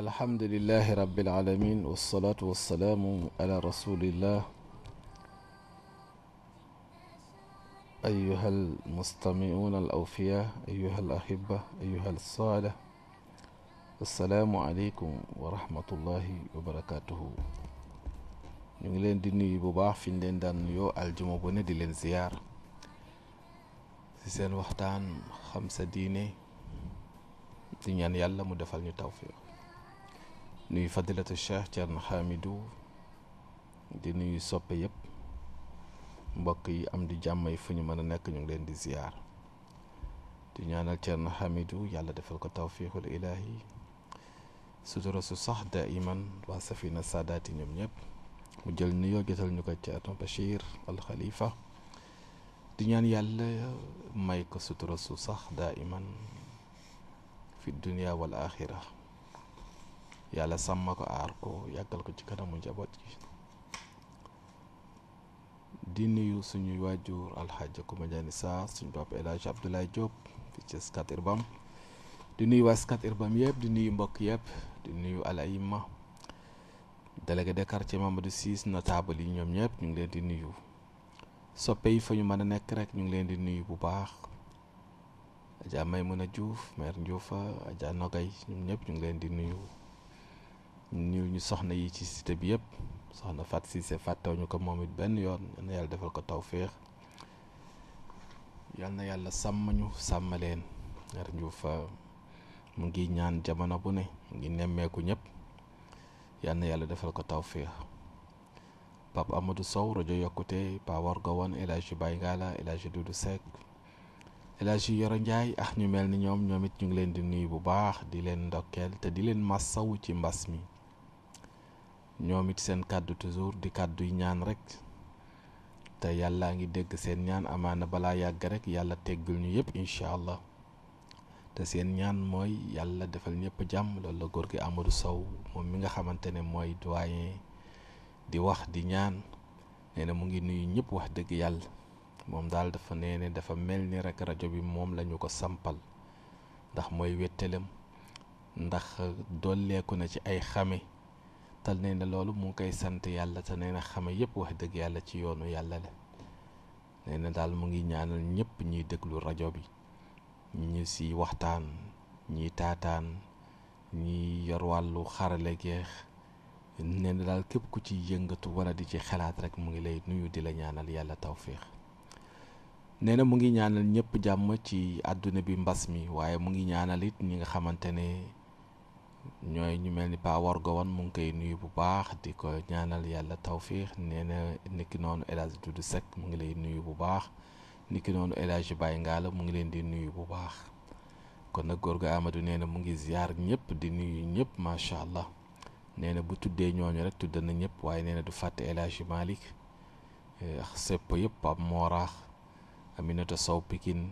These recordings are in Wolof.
الحمد لله رب العالمين والصلاة والسلام على رسول الله أيها المستمعون الأوفياء أيها الأحبة أيها الصالة السلام عليكم ورحمة الله وبركاته ñu ngi leen فين nuyu bu baax fi ñu leen daan nuyoo aljuma bu ne di leen ziyaar ci seen نوي فضيلة الشيخ جارنا حامدو دي نوي سوبي يب مباكي أم دي جامع يفني مانا نك نيو لين دي زيار دي نيانا جارنا حامدو يالا دفل كتوفيق الإلهي سوتو رسو صح دائما واسفين السادات نيو نيب مجل نيو جتل نيو كتير بشير الخليفة دي نيان يالا مايكو سوتو رسو صح دائما في الدنيا والآخرة yàlla sàmma ko aar ko yàggal ko ci kanamu njaboot gi di nuyu suñuy waajur alxaaja Kumba Njaani Sarr suñ papa El Hadj Abdoulaye Diop fii ci Scat Urbam di nuyu waa Scat Urbam yëpp di nuyu mbokk yëpp di nuyu alayima délégué de quartier Mamadou Ciss notable yi ñoom ñëpp ñu ngi leen di nuyu soppe yi fa ñu mën a nekk rek ñu ngi leen di nuyu bu baax Adja Maymuna Diouf maire Ndioufa Adja Nogay ñoom ñëpp ñu ngi leen di nuyu niw ñu soxna yi ci cité bi yëpp soxna Fat Cissé fàttewu ñu ko moom it benn yoon yal yàlla defal ko tawféex yal na yàlla sàmm ñu sàmm mu ngi ñaan jamono bu ne ngi nemmeeku ñëpp yal yàlla defal ko tawféex Pape Amadou Sow rajo yokkute Pa Warga Wan El Hadj Baye Ngala El Hadj du Seck El Hadj Yoro Ndiaye ah ñu mel ni ñoom ñoom it ñu ngi leen di nuyu bu baax di leen ndokkeel te di leen mas massawu ci mbas mi. ñoom it seen kàddu toujours di kàddu ñaan rek te yàllaa ngi dégg seen ñaan amaana balaa yàgg rek yàlla teggul ñu yëpp incha allah te seen ñaan mooy yàlla defal ñëpp jàmm loolu la góor gi Amadou Sow moom mi nga xamante ne mooy doyen di wax di ñaan nee mu ngi nuyu ñëpp wax dëgg yàlla moom daal dafa nee dafa mel ni rekk rajo bi moom lañu ko sampal ndax mooy wettelam ndax dolleeku na ci ay xame te nee na loolu mu ngi koy sant yàlla sa nee na xame yëpp wax dëgg yàlla ci yoonu yàlla la nee na daal mu ngi ñaanal ñëpp ñuy déglu rajo bi ñi si waxtaan ñi taataan ñi yor wàllu xarale geex nee daal ku ci yëngatu wala di ci xalaat rek mu ngi lay nuyu di la ñaanal yàlla tawféex nee na mu ngi ñaanal ñëpp jàmm ci àdduna bi mbas mi waaye mu ngi ñaanal it ñi nga xamante ne. ñooy ñu mel ni Pa Wargo Wan mu ngi koy nuyu bu baax di ko ñaanal yàlla tawfiix nee na niki noonu El Hadj Doudou Seck mu ngi lay nuyu bu baax niki noonu El Hadj Baye Ngala mu ngi leen di nuyu bu baax kon nag góor gu Amadou nee na mu ngi ziar ñëpp di nuyu ñëpp macha allah nee na bu tuddee ñooñu rek tudd na ñëpp waaye nee na du fàtte El Hadj Malick eh, yëpp Pape Moraax Aminata Sow Pikine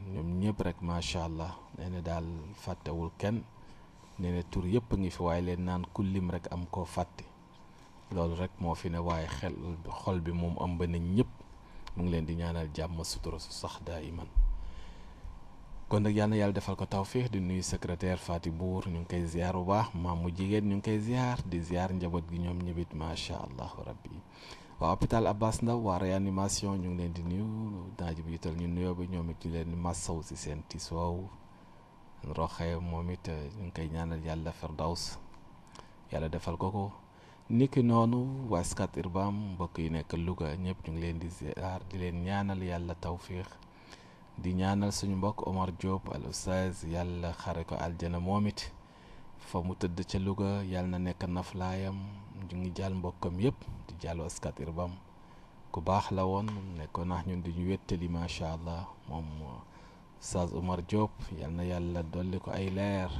ñëpp rek macha allah nee na daal fàttewul kenn. nee na tur yëpp ngi fi waaye leen naan ku lim rek am koo fàtte loolu rek moo fi ne waaye xel xol bi moom ëmb nañ ñëpp mu ngi leen di ñaanal jàmm sutura su sax daa iman kon nag yal yàlla defal ko tawfiix di nuyu secrétaire Fati Bour ñu ngi koy ziar bu baax maam mu jigéen ñu ngi koy ziar di ziar njaboot gi ñoom macha allah rabbi waa hôpital Abbas Ndao waa réanimation ñu ngi leen di nuyu daa ji bu ñu nuyoo bi ñoom it ñu leen di massaw si seen tisoow roxee moom it eh, ñu ngi koy ñaanal yàlla firdaws yàlla defal ko ko niki noonu waa Scat Urbam mbokk yi nekk Louga ñëpp ñu ngi leen di ziar di leen ñaanal yàlla tawfiix di ñaanal suñu mbokk Omar Diop al oustaz yàlla xare ko aljana moom it fa mu tëdd ca Louga yàlla na nekk naflaayam ñu ngi jàll mbokkam yëpp di jàll waa Scat ku baax la woon nekkoon nax ñun di ñu wéttali macha allah moom. Oustaz Oumar Diop yal na yàlla dolli ko ay leer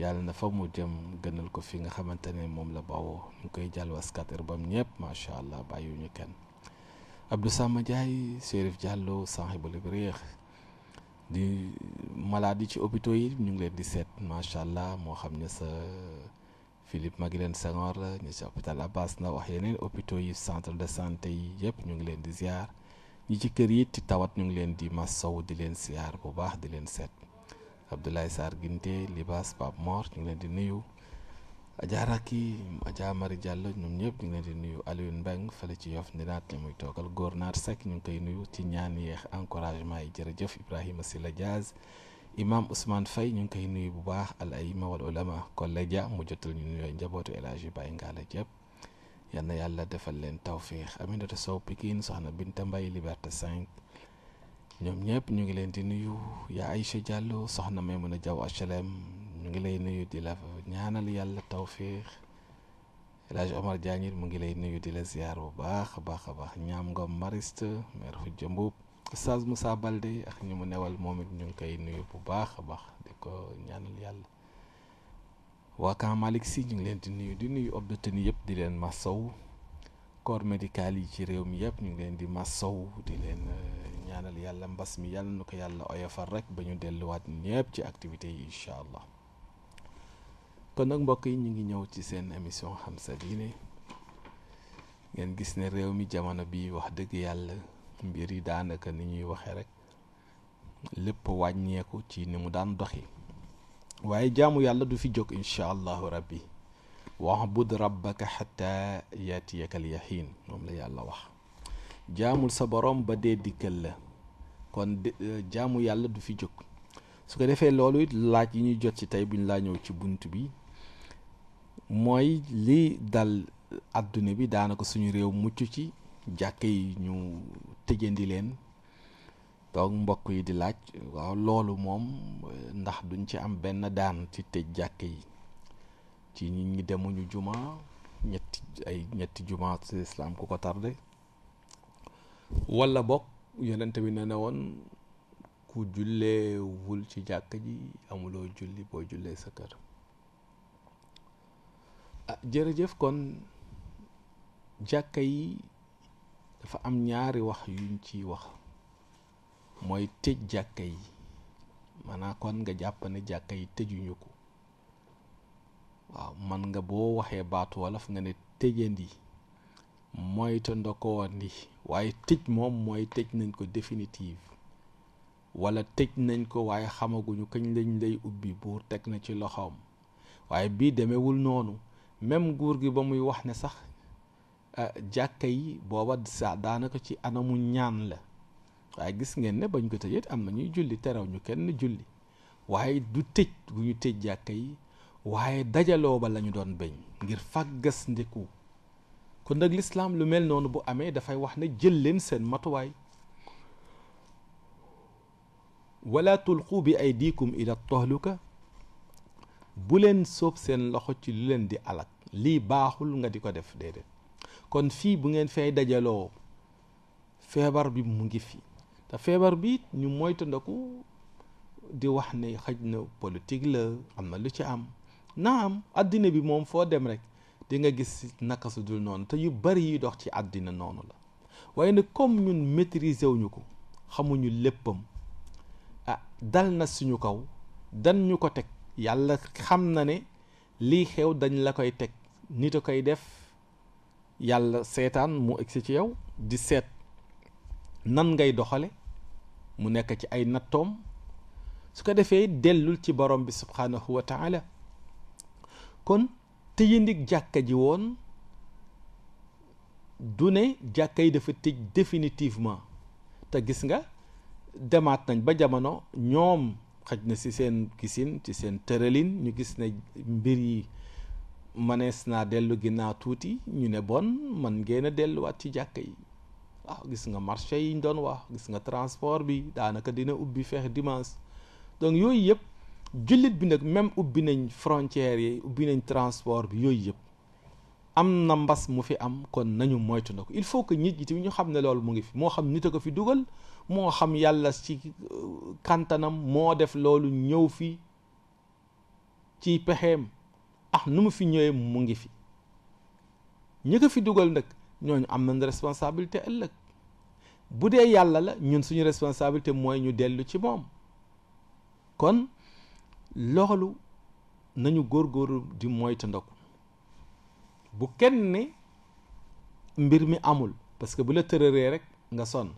yàlla na fa mu jëm gënal ko fi nga xamante ne moom la bawoo ñu koy jàll waskat bam ñëpp macha allah ñu kenn Abdou Sama Ndiaye Chérif Diallo sahibul ibriq di malade yi ci hôpitaux yi ñu ngi leen di seet macha allah moo xam ne sa Philippe Maguilène Senghor la ñu ci hôpital Abbas na wax yeneen hôpitaux yi centre de santé yi yëpp ñu ngi leen di ziar. ñi ci kër yi ti tawat ñu ngi leen di sow di leen siyaar bu baax di leen seet Abdoulaye Sarr Ginte libas Pape Mor ñu ngi leen di nuyu Adja Raki Adja Mari Diallo ñoom ñëpp ñu ngi leen di nuyu Alioune Mbeng fële ci Yoff ni naat li muy toogal góor naat Seck ñu ngi koy nuyu ci ñaan yeex encouragement yi jërëjëf Ibrahima Sila Diaz imam Ousmane Faye ñu ngi koy nuyu bu baax al ayima wal ulama kolle dia mu jotal ñu nuyoo njabootu El Hadji Baye Ngalla yëpp yal yàlla defal leen tawféex Aminata Sow Pikine soxna Binta mbay Liberté 5 ñoom ñëpp ñu ngi leen di nuyu yaa Aïcha Diallo soxna Maymuna Jaw HLM ñu ngi lay nuyu di la ñaanal yàlla tawféex El Hadj Omar Diagne mu ngi lay nuyu di la ziar bu baax a baax baax ñaam ngom mariste maire Khoudia Mboup Oustaz Moussa Balde ak ñu mu newal moom it ñu ngi koy nuyu bu baax a baax di ko ñaanal yàlla waa Camp Malick ñu ngi leen di nuyu di nuyu homme de tenue yëpp di leen massaw corps médical yi ci réew mi yëpp ñu ngi leen di massaw di leen euh, ñaanal yàlla mbas mi yàlla na ko yàlla oyofal rek ba ñu delluwaat ñëpp ci activité yi incha allah kon nag mbokk yi ñu ngi ñëw ci seen émission xam sa diine ngeen gis ne réew mi jamono bi wax dëgg yàlla mbir yi daanaka ni ñuy waxee rek lépp wàññeeku ci ni mu daan doxi waaye jaamu yàlla du fi jóg incha allahu rabbi wa'bud rabbaka xatta yaatiyaka al yaxiin moom la yàlla wax jaamul sa borom ba dee dikkal la kon euh, jaamu yàlla du fi jóg su ko defee loolu laaj yi ñuy jot ci tey buñ laa ñëw ci bunt bi mooy li dal àdduna bi daanaka suñu réew mucc ci jàkka yi ñu tëjandi leen donc mbokk yi di laaj waaw loolu moom eh, ndax duñ ci am benn daan ci tëj jàkk yi ci ñi ñi demuñu jumaa ñetti ay ñetti juma ci islam ku ko tardé wala bokk yonent bi ne na woon ku ci jàkk ji amuloo julli boo jullee sa kër ah jërëjëf kon jàkka yi dafa am ñaari wax yuñ ciy wax mooy tëj jàkka yi maanaam kon nga jàpp ne jàkka yi tëjuñu ko waaw man nga boo waxee baatu wolof nga ne tëjandi mooy te waaye tëj moom mooy tëj nañ ko définitive wala tëj nañ ko waaye xamaguñu kañ lañ lay ubbi buur teg na ci loxoom waaye bii demewul noonu même guur gi ba muy wax ne sax ah, jàkka yi booba sa daanaka ci anamu ñaan la waaye gis ngeen ne bañ ko tëjee am na ñuy julli teraw ñu kenn julli waaye du tëj bu ñu tëj jàkka yi waaye dajaloo ba lañu doon bañ ngir fàggas ndeku kon nag lislaam lu mel noonu bu amee dafay wax ne jël leen seen matuwaay wala tulqu bi ay diikum ila toxluka bu leen soob seen loxo ci lu leen di alak lii baaxul nga di ko def déedéet kon fii bu ngeen feey dajaloo feebar bi mu ngi fi te feebar bi ñu moytandiku di wax ne xaj na politik la am na lu ci am naam àddina bi moom foo dem rek di nga gis naka su dul noonu te yu bari yi dox ci àddina noonu la waaye nag comme ñun maîtriser wuñu ko xamuñu léppam ah dal na suñu kaw dan ñu ko teg yàlla xam na ne lii xew dañ la koy teg nit a koy def yàlla seetaan mu egsi ci yow di seet nan ngay doxale mu nekk ci ay nattom su ko defee dellul ci borom bi subhaanahu wa taala kon tëyandik jàkka ji woon du ne jàkka yi dafa tëj définitivement te gis nga demaat nañ ba jamono ñoom xaj na ci seen gisin ci seen tëralin ñu gis ne mbir yi mënees naa dellu ginnaaw tuuti ñu ne bon man ngeen a delluwaat ci jàkka yi waaw ah, gis nga marché yi doon wax gis nga transport bi daanaka dina ubbi feex dimanche donc yooyu yëpp jullit bi nag même ubbi nañ frontières yi ubbi nañ transport bi yooyu yëpp am na mbas mu fi am kon nañu moytu na ko il faut que nit ñi tamit ñu xam ne loolu mu ngi fi moo xam nit a ko fi dugal moo xam yàlla ci euh, kantanam moo def loolu ñëw fi ci pexeem ah nu mu fi ñëwee mu ngi fi ñi ko fi dugal nag ñooñu am nañ responsabilité ëllëg bu dee yàlla la ñun suñu responsabilité mooy ñu dellu ci moom kon loolu nañu góor góorgóorlu di moytandiku bu kenn ni mbir mi amul parce que bu la tërëree rek nga sonn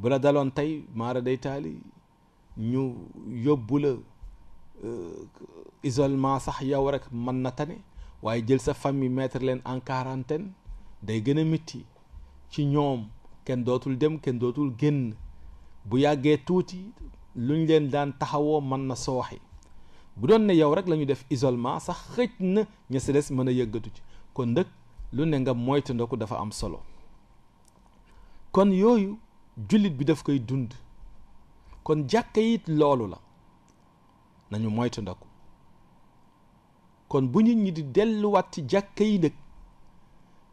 bu la daloon tey maara day taali ñu yóbbu la euh, isolement sax yow rek mën na tane waaye jël sa famille mettre leen en quarantaine day gën a mitti ci ñoom kenn dootul dem kenn dootul génn bu yàggee tuuti luñ leen daan taxawoo mën na sooxi bu doon ne yow rek la def isolement sax xëj na ña si des mën a yëggatu ci kon ndëkk lu ne nga moytu ndoku dafa am solo kon yooyu jullit bi daf koy dund kon jàkka it loolu la nañu moytu kon bu nit ñi di delluwaat ci jàkka yi nag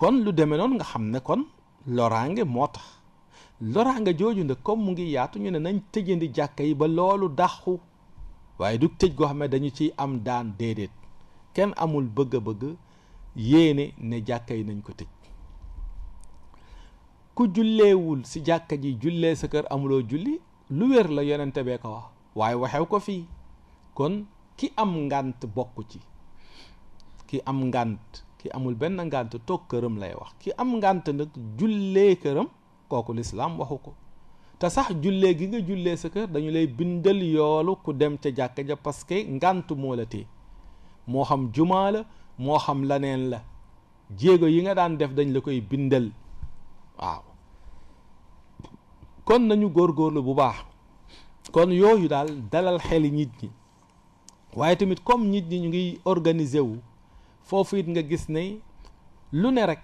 kon lu demee noonu nga xam ne kon loraange moo tax loraange jooju nag comme mu ngi yaatu ñu ne nañ tëjandi jàkka yi ba loolu dàqu waaye du tëj goo xam ne dañu ciy am daan déedéet kenn amul bëgg-bëgg yéene ne jàkka yi nañ ko tëj ku julleewul ci jàkka ji julle sa kër amuloo julli lu wér la yonente bee ko wax waaye waxew ko fii kon ki am ngànt bokk ci ki am ngànt ki amul benn ngànt toog këram lay wax ki am ngànt nag jullee këram kooku lislaam waxu ko te sax jullee gi nga jullee sa kër dañu lay bindal yoolu ku dem ca jàkka ja parce que ngànt moo la tee moo xam jumaa la moo xam laneen la jéego yi nga daan def dañ la koy bindal waaw kon nañu góorgóorlu bu baax kon yooyu daal dalal xeli nit ñi waaye tamit comme nit ñi ñu ngi organiser wu foofu it nga gis ne lu ne rek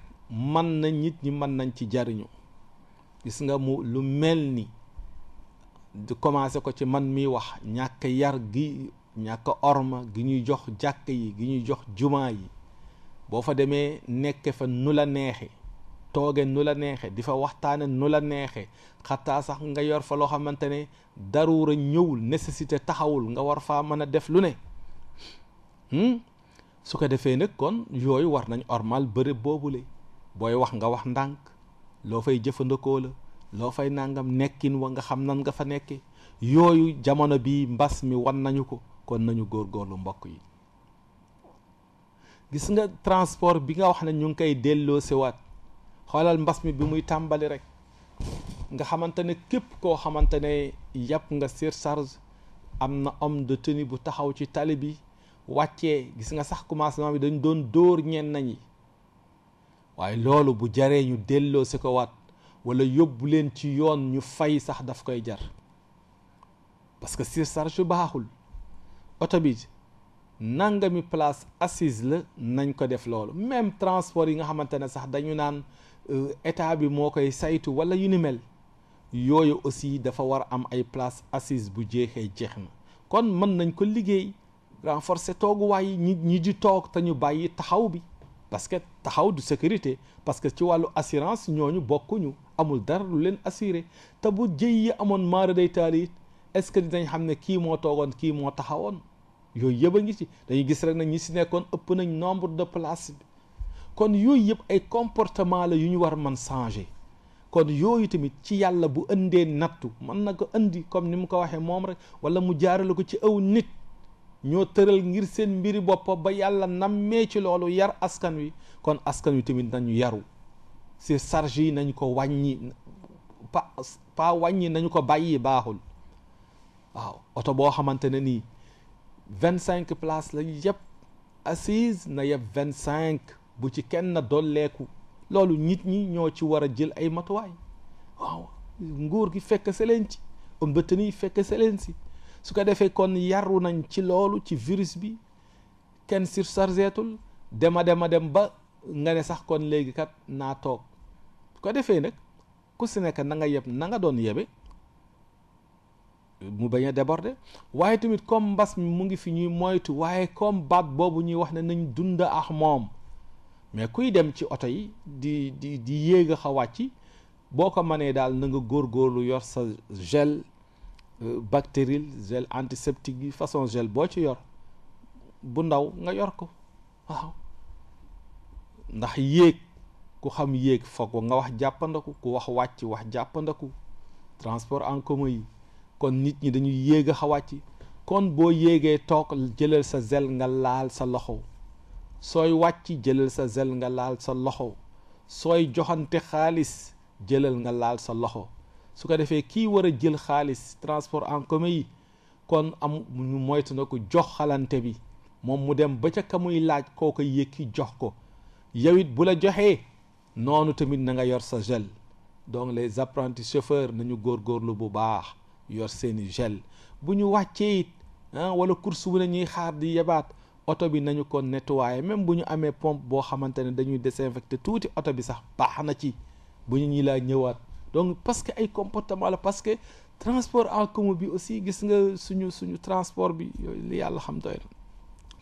mën na nit ñi mën nañ ci jariñu gis nga mu lu mel ni di commencé ko ci man mi wax ñàkk yar gi ñàkk orma gi ñuy jox jàkk yi gi ñuy jox jumaa yi boo fa demee nekk fa nu la neexe tooge nu la neexe di fa waxtaane nu la neexe xataa sax nga yor fa loo xamante ne daruura ñëwul nécessité taxawul nga war fa mën a def lu ne hmm? su ko defee nag kon yooyu war nañ ormal boobu le booy wax nga wax ndànk loo fay jëfandikoo la loo fay nangam nekkin wa nga xam nan nga fa nekke yooyu jamono bi mbas mi wan nañu ko kon nañu góor góorlu mbokk yi gis nga transport bi nga wax ne ñu ngi koy delloo siwaat xoolal mbas mi bi muy tàmbali rek nga xamante ne képp koo xamante ne yàpp nga surcharge am na homme de tenue bu taxaw ci tali bi wàccee gis nga sax commencement bi dañ doon dóor ñenn nañi waaye loolu bu jaree ñu delloo si ko wat wala yóbbu leen ci yoon ñu fay sax daf koy jar parce que surcharge baaxul oto bi nangami place assise la nañ ko def loolu même transport yi nga xamante ne sax dañu naan euh, état bi moo koy saytu wala yu ni mel yooyu aussi dafa war am ay place assise bu jeexee jeex na kon mën nañ ko liggéey renforcer tooguwaay ñi ñi di toog te ñu bàyyi taxaw bi parce que taxaw du sécurité parce que ci wàllu assurance ñoo ñu bokkuñu amul dara lu leen assuré te bu jëy yi amoon maara day taali est-ce que dinañ xam ne kii moo toogoon kii moo taxawoon yooyu yëpp a ci dañuy gis rek na ñi si nekkoon ëpp nañ nombre de place kon yooyu yëpp ay comportement la yu ñu war man changer kon yooyu tamit ci yàlla bu indee nattu mën na ko indi comme ni mu ko waxee moom rek wala mu jaarale ko ci aw nit ñoo tëral ngir seen mbiri bopp ba yàlla nammee ci loolu yar askan wi kon askan wi tamit nañu yaru si charge yi nañ ko wàññi pa pa wàññi nañu ko bàyyi baaxul waaw oto boo xamante ne nii vingt cinq place la yëpp assise na yëpp vingt cinq bu ci kenn dolleeku loolu nit ñi ñoo ci war a jël ay matuwaay waaw nguur gi fekk se leen ci fekk se si su ko defee kon yaru nañ ci loolu ci virus bi kenn surchargeetul dema dema dem ba nga ne sax kon léegi kat naa toog su ko defee nag ku si nekk na nga yeb na nga doon yebe mu bañ a déborder waaye tamit comme mbas mi mu ngi fi ñuy moytu waaye comme baat boobu ñuy wax ne nañ dund ak moom mais kuy dem ci oto yi di di di yéeg a xaw wàcc boo ko mënee daal na nga góorlu yor sa gel bactéril gel antiseptique yi façon gel boo ci yor bu ndaw nga yor ko waaw ndax yéeg ku xam yéeg foog nga wax jàppandaku ku wax wàcc wax jàppandaku transport en commun yi kon nit ñi dañuy yéeg a xa kon boo yéegee toog jëlal sa zel nga laal sa loxo sooy wàcc jëlal sa zel nga laal sa loxo sooy joxante xaalis jëlal nga laal sa loxo su ko defee kii war a jël xaalis transport en comme yi kon am ñu moytu na ko jox xalante bi moom mu dem ba ca ka muy laaj koo ko yëkki jox ko yow it bu la joxee noonu tamit na nga yor sa gel donc les apprentis chauffeurs nañu góor góorlu bu baax yor seeni gel bu ñu wàccee it ah wala course bu ne ñuy xaar di yebaat oto bi nañu ko nettoyer même bu ñu amee pompe boo xamante ne dañuy désinfecter tuuti oto bi sax baax na ci bu ñu ñi laa ñëwaat donc parce que ay comportement la parce que transport en comme bi aussi gis nga suñu suñu transport bi li yàlla xam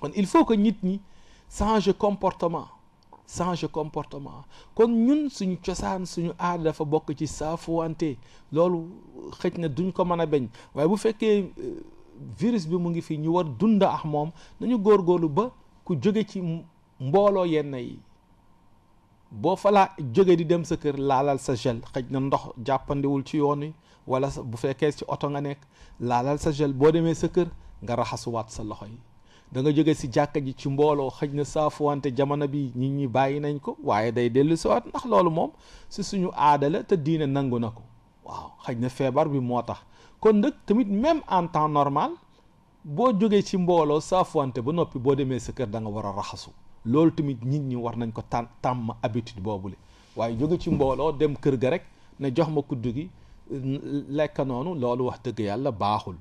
kon il faut que nit ñi changer comportement changer comportement kon ñun suñu cosaan suñu aada dafa bokk ci saafuwante loolu xëj na duñ ko mën a bañ waaye bu fekkee euh, virus bi mu ngi fii ñu war dund ak moom nañu góorlu ba ku jóge ci mbooloo yenn yi boo falaa jógee di dem sa kër laalal sa gel xëj na ndox jàppandiwul ci yoon yi wala bu fekkee ci oto nga nekk laalal sa gel boo demee sa kër nga raxasuwaat sa loxo yi da nga jóge si jàkka ji ci mbooloo xëj na saafuwante jamono bi nit ñi bàyyi nañ ko waaye day dellu siwaat ndax loolu moom si suñu aadala te diine nangu na ko waaw xëj na feebar bi moo tax kon nag tamit même en temps normal boo jógee ci mbooloo saafuwante ba noppi boo demee sa kër da nga war a raxasu loolu tamit nit ñi war nañ ko tàn tàmm habitude boobule waaye jóge ci mbooloo dem kër ga rek ne jox ma kuddu gi lekk noonu loolu wax dëgg yàlla baaxul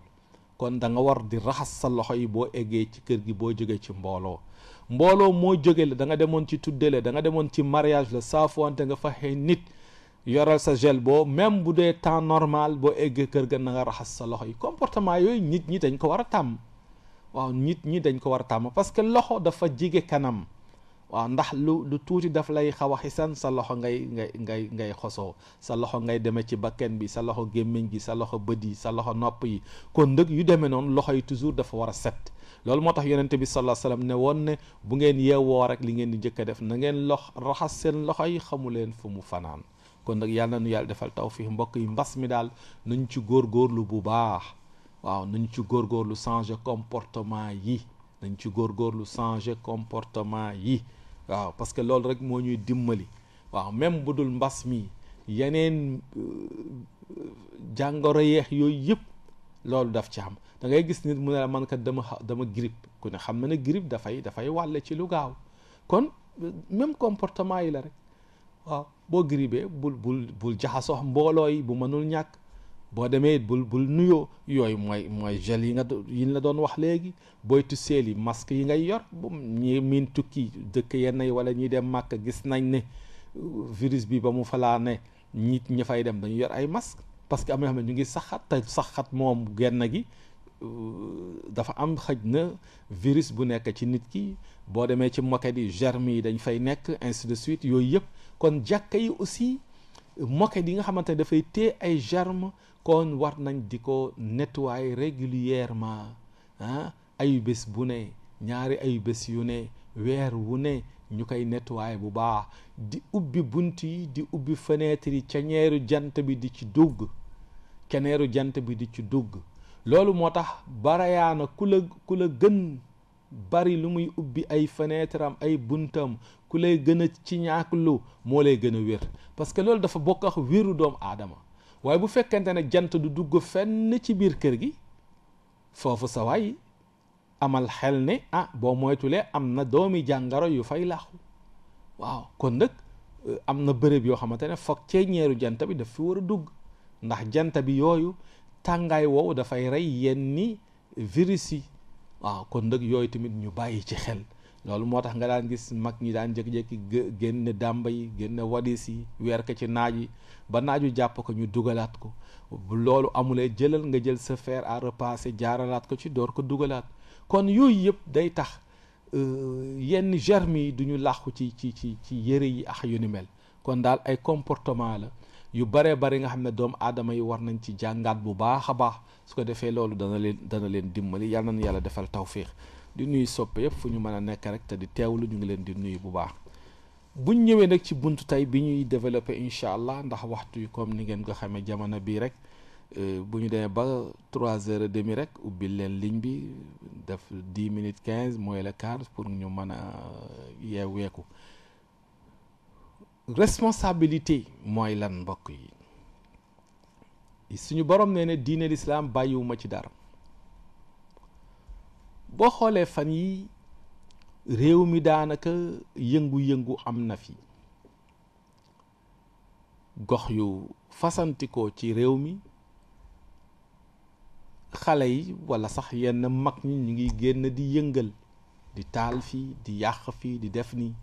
kon da nga war di raxas sa loxo yi boo eggee ci kër gi boo jógee ci mbooloo mbooloo moo jógee la danga demoon ci tudde la da nga demoon ci mariage la saafuwante nga faxee nit yoral sa gel boo même bu dee temps normal boo eggee kër ga na raxas sa loxo yi comportement yooyu nit ñi dañ ko war a tàmm waaw nit ñi dañ ko war a tàmm parce que loxo dafa jige kanam waaw ndax lu lu tuuti daf lay xaw a xisan sa loxo ngay ngay ngay ngay xosoo sa loxo ngay demee ci bakken bi sa loxo gémmiñ gi sa loxo bët yi sa loxo nopp yi kon ndëg yu demee noonu loxo yi toujours dafa war a set loolu moo tax yonente bi sallallahu alayhi wasallam ne woon ne bu ngeen yeewoo rek li ngeen di njëkk a def na ngeen lox raxas seen loxo yi xamu leen fu mu fanaan kon nag yàlla nu yàlla defal tawfiix mbokk yi mbas mi daal nuñ ci góorgóorlu bu baax waaw nañu ci góorgóorlu changer comportement yi nañ ci góorgóorlu changer comportement yi waaw parce que loolu rek moo ñuy dimbali waaw même bu dul mbas mi yeneen euh, jàngoro yeex yooyu yëpp loolu daf ci am da ngay gis nit mu ne la man kat dama dama grippe ku ne xam na ne grippe dafay dafay wàlle ci lu gaaw kon même comportement yi la rek waaw boo grippee bul bul bul jaxasoo mbooloo yi bu mënul ñàkk boo demee bul bul nuyoo yooyu mooy mooy gel yi nga yi la doon wax léegi booy tusseel yi masque yi ngay yor bu ñi miin tukki dëkk yenn yi wala ñuy dem màkk gis nañ ne virus bi ba mu falaa ne nit ñi fay dem dañu yor ay masque parce que am na xam ne ñu ngi saxat te saxat moom genn gi dafa am xëj na virus bu nekk ci nit ki boo demee ci moquette yi germe yi dañ fay nekk ainsi de suite yooyu yëpp kon jàkka yi aussi moquette yi nga xamante ne dafay téye ay germe kon war nañ di ko nettoyer régulièrement ah bés bu ne ñaari ayu bés yu ne weer wu ne ñu koy nettoyer bu baax di ubbi bunt yi di ubbi fenêtre yi ceñeeru jant bi di ci dugg keneeru jant bi di ci dugg loolu moo tax barayaana ku la ku la gën bari lu muy ubbi ay fenêtre am ay buntam ku lay gën a ci ñaaklu moo lay gën a wér parce que loolu dafa bokk ak wéru doomu aadama waaye bu fekkente ne jant du dugg fenn ci biir kër gi foofu sa waay amal xel ne ah boo moytulee am na doomi jàngaro yu fay laaxu waaw kon nag euh, am na bërëb yoo xamante ne foog cee ñeeru jant bi daf fi war a dugg ndax jant bi yooyu tàngaay woowu dafay rey yenni virus yi waaw kon nag yooyu tamit ñu bàyyi ci xel loolu moo tax nga daan gis mag ñi daan jékki-jékki génne dàmba yi génn wadis yi weer ko ci naaj yi ba naaju jàpp ko ñu dugalaat ko loolu amulee jëlal nga jël sa fer à repasser jaaralaat ko ci door ko dugalaat kon yooyu yëpp day tax euh, yenn germes yi du ñu làqu ci ci ci ci yëre yi ax yu ni mel kon daal ay comportement la yu baree bari nga xam ne doomu aadama yi war nañ ci jàngaat bu baax a baax su ko defee loolu dana leen dana leen dimbali yal nañu yàlla defal tawfiix di nuyu soppe yëpp fu ñu mën a nekk rek te di teewlu ñu ngi leen di nuyu bu baax buñ ñëwee nag ci buntu tey bi ñuy développé incha allah ndax waxtu yi comme ni ngeen ko xamee jamono bii rek euh, bu ñu demee ba trois heures et demi rek ubbi leen ligne bi def dix minutes quinze mooy le quart pour ñu mën a euh, yeeweeku responsabilité mooy lan mbokk yi suñu borom nee ne diine l'islam bàyyiwuma ci dara boo xoolee fan yi réew mi daanaka yëngu-yëngu am na fi gox yu fasantikoo ci réew mi xale yi walla sax yenn mag ñi ñu ngi génn di yëngal di taal fi di yàq fii di def nii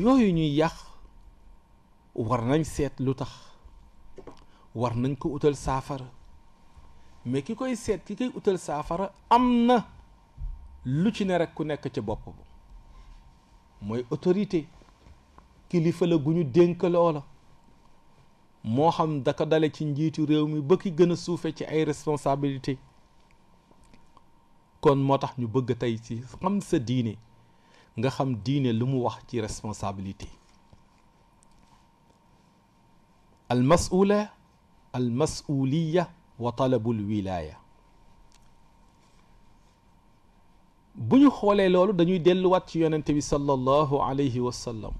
yooyu ñuy yàq war nañ seet lu tax war nañ ko utal saafara mais ki koy seet ki koy utal saafara am na lu ci ne rek ku nekk ci bopp bu mooy autorité kilifa la gu ñu dénk loola moo xam da dale ci njiitu réew mi ba ki gën a suufe ci ay responsabilité kon moo tax ñu bëgg tey ci xam sa diine nga xam diine lu mu wax ci responsabilité al mas'ula al mas'uliya وطلب الwilaaya bu ñu xoolee loolu dañuy delluwaat ci yonente bi sallallahu alayhi wa sallam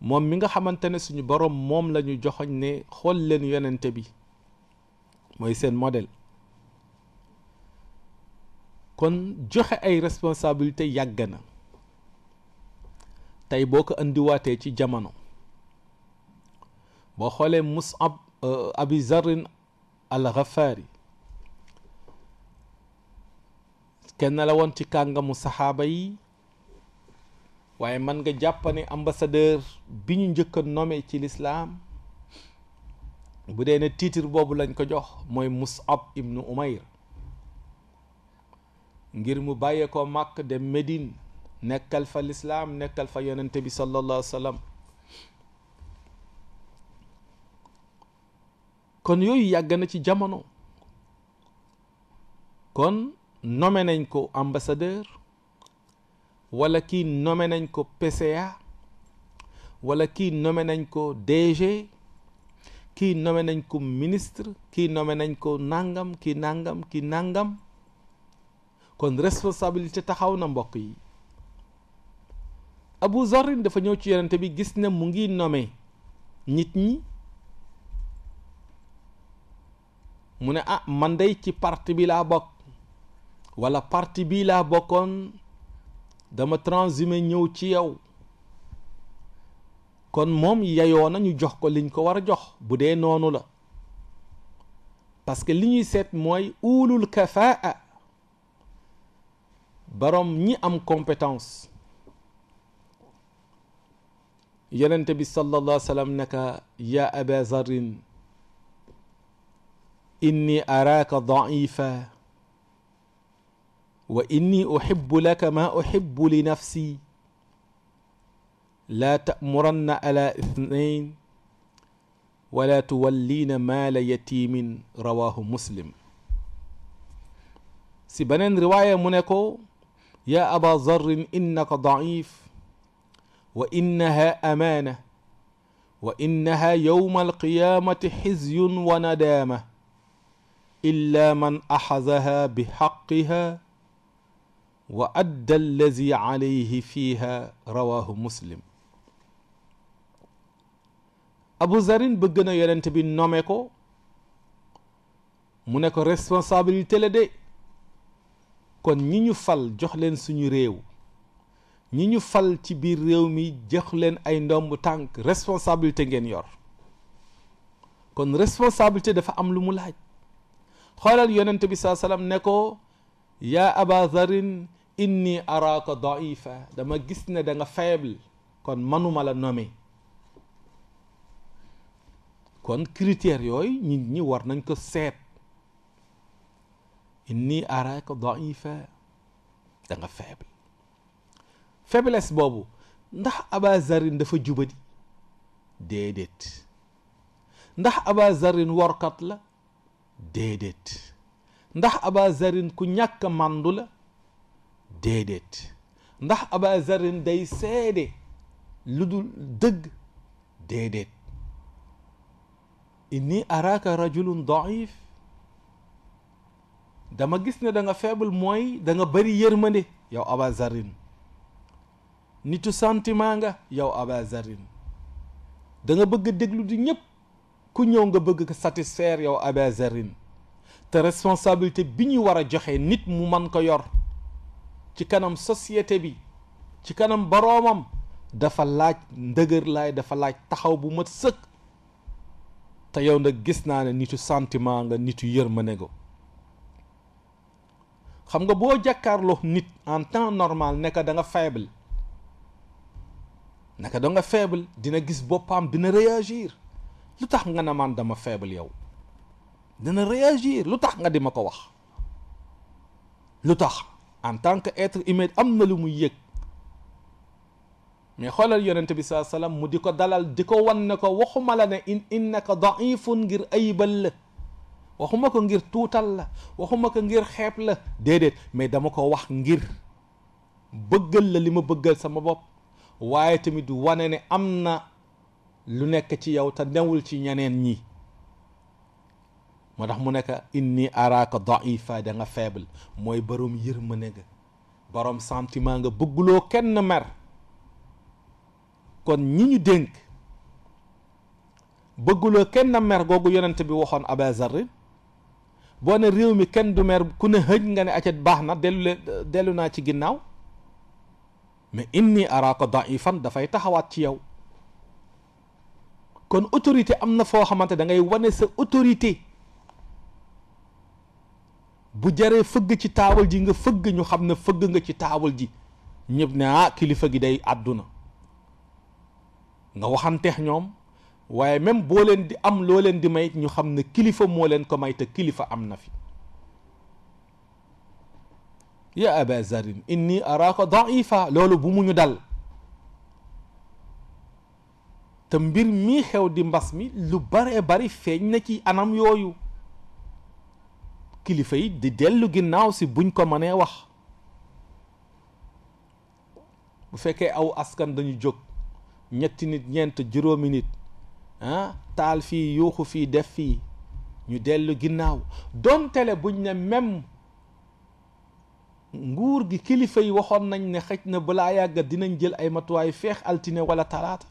moom mi nga xamante ne suñu boroom moom la ñu joxoñ ne xool leen yonente bi mooy seen modèle kon joxe ay responsabilité yàgg na tey boo ko indiwaatee ci jamono بخول مصعب آه، ابي ذر الغفاري كان لو انت كان مصحابي واي من جاباني امباسادور بي ني نجهك نومي تي الاسلام بودينا تيتر بوبو لنج كو جوخ موي مصعب ابن عمير ngir mu bayeko makk dem medine nekkal fa l'islam nekkal fa yonente bi sallallahu alayhi wasallam kon yooyu yàgg na ci jamono kon nome nañ ko ambassadeur walla kii nome nañ ko PCA wala kii nome nañ ko DG kii nommé nañ ko ministre kii nommé nañ ko nangam kii nangam ki nangam kon responsabilité taxaw na mbokk yi Abu Zarrin dafa ñëw ci yonente bi gis na mu ngi nome nit ñi mu ne ah man dey ci parti bi laa bokk wala parti bii laa bokkoon dama transhumé ñëw ci yow kon moom yayoo na ñu jox ko liñ ko war a jox bu dee noonu la parce que li ñuy seet mooy ulul kafaa borom ñi am compétence yonente bi sallallahu alayhi wa sallam naka ya aba اني اراك ضعيفا واني احب لك ما احب لنفسي لا تامرن على اثنين ولا تولين مال يتيم رواه مسلم سبنين روايه منكو يا ابا ذر انك ضعيف وانها امانه وانها يوم القيامه حزي وندامه إلا من أخذها بحقها وأدى الذي عليه فيها رواه مسلم أبو زرين بغنا يرنت بي نوميكو مونيكو ريسبونسابيلتي لا دي كون ني ني فال جوخ لين ريو ني فال تي بير ريو مي جوخ لين اي ندوم تانك ريسبونسابيلتي نين يور كون ريسبونسابيلتي دا فا ام خلال يونت بي صلى نكو يا ابا ذر اني اراك ضعيفا دما غيسنا دا فايبل كون مانو مالا نومي كون كريتير يوي نيت ني وار سيت اني اراك ضعيفا دا فايبل فابلس بوبو ndax aba zarin dafa jubadi dedet ndax aba zarin warkat la déedéet ndax aba zarin ku ñàkk màndu la déedéet ndax aba zarin day seede lu dul dëgg déedéet inni araaka rajulun daif dama gis ne da nga faible mooy da nga bëri yërmande yow aba zarin nitu sentiment nga yow aba zarin da nga bëgg a déglu di ñëpp ku ñëw nga bëgg ko satisfaire yow Abaa Zarin te responsabilité bi ñu war a joxe nit mu man ko yor ci kanam société bi ci kanam boroomam dafa laaj ndëgër laay dafa laaj taxaw bu mat sëkk te yow nag gis naa ne nitu sentiment nga nitu yërmande nga xam nga boo jàkkaarloo nit en temps normal nekk da nga faible naka da nga dina gis boppam dina réagir lu tax nga ne man dama faible yow dina réagir lu tax nga di ma ko wax lu tax en tant que être humain am na lu muy yëg mais xoolal yonente bi saa salaam mu di ko dalal di ko wan ne ko waxuma la ne in innaka daifun ngir ayibal la waxuma ko ngir tuutal la waxuma ko ngir xeeb la déedéet mais dama ko wax ngir bëggal la li ma bëggal sama bopp waaye tamit wane ne am na lu nekk ci yow te newul ci ñeneen ñi moo tax mu nekk inni araka daifa da nga faible mooy borom ne nga borom sentiment nga bëgguloo kenn mer kon ñi ñu dénk bëgguloo kenn mer googu yonent bi waxoon abazarrin boo ne réew mi kenn du mer ku ne hëj nga ne acet baax na dellu dellu naa ci ginnaaw mais inni araka daifan dafay taxawaat ci yow kon autorité amna fo xamante da ngay wone sa autorité bu jaré feug ci taawal ji nga feug ñu xam feug nga ci taawal ji ñëpp ne ah kilifa gi day aduna nga waxanté ñom waye même bo len di am lo len di may ñu xam kilifa mo len ko may te kilifa amna fi يا أبا zarin إني أراك daifa لولو بومو mu te mbir mii xew di mbass mi lu bare bare feñ na ci anam yoyu kilifa yi di delu ginnaaw si buñ ko mané wax bu fekke aw askan dañu jóg ñet nit ñeent juróomi nit ah taal fii yuuxu fi def fi ñu delu ginnaaw don tele buñ ne même nguur gi kilifa yi waxon nañ ne xëj na balaa yàgga dinañ jël ay matuway feex altine wala talata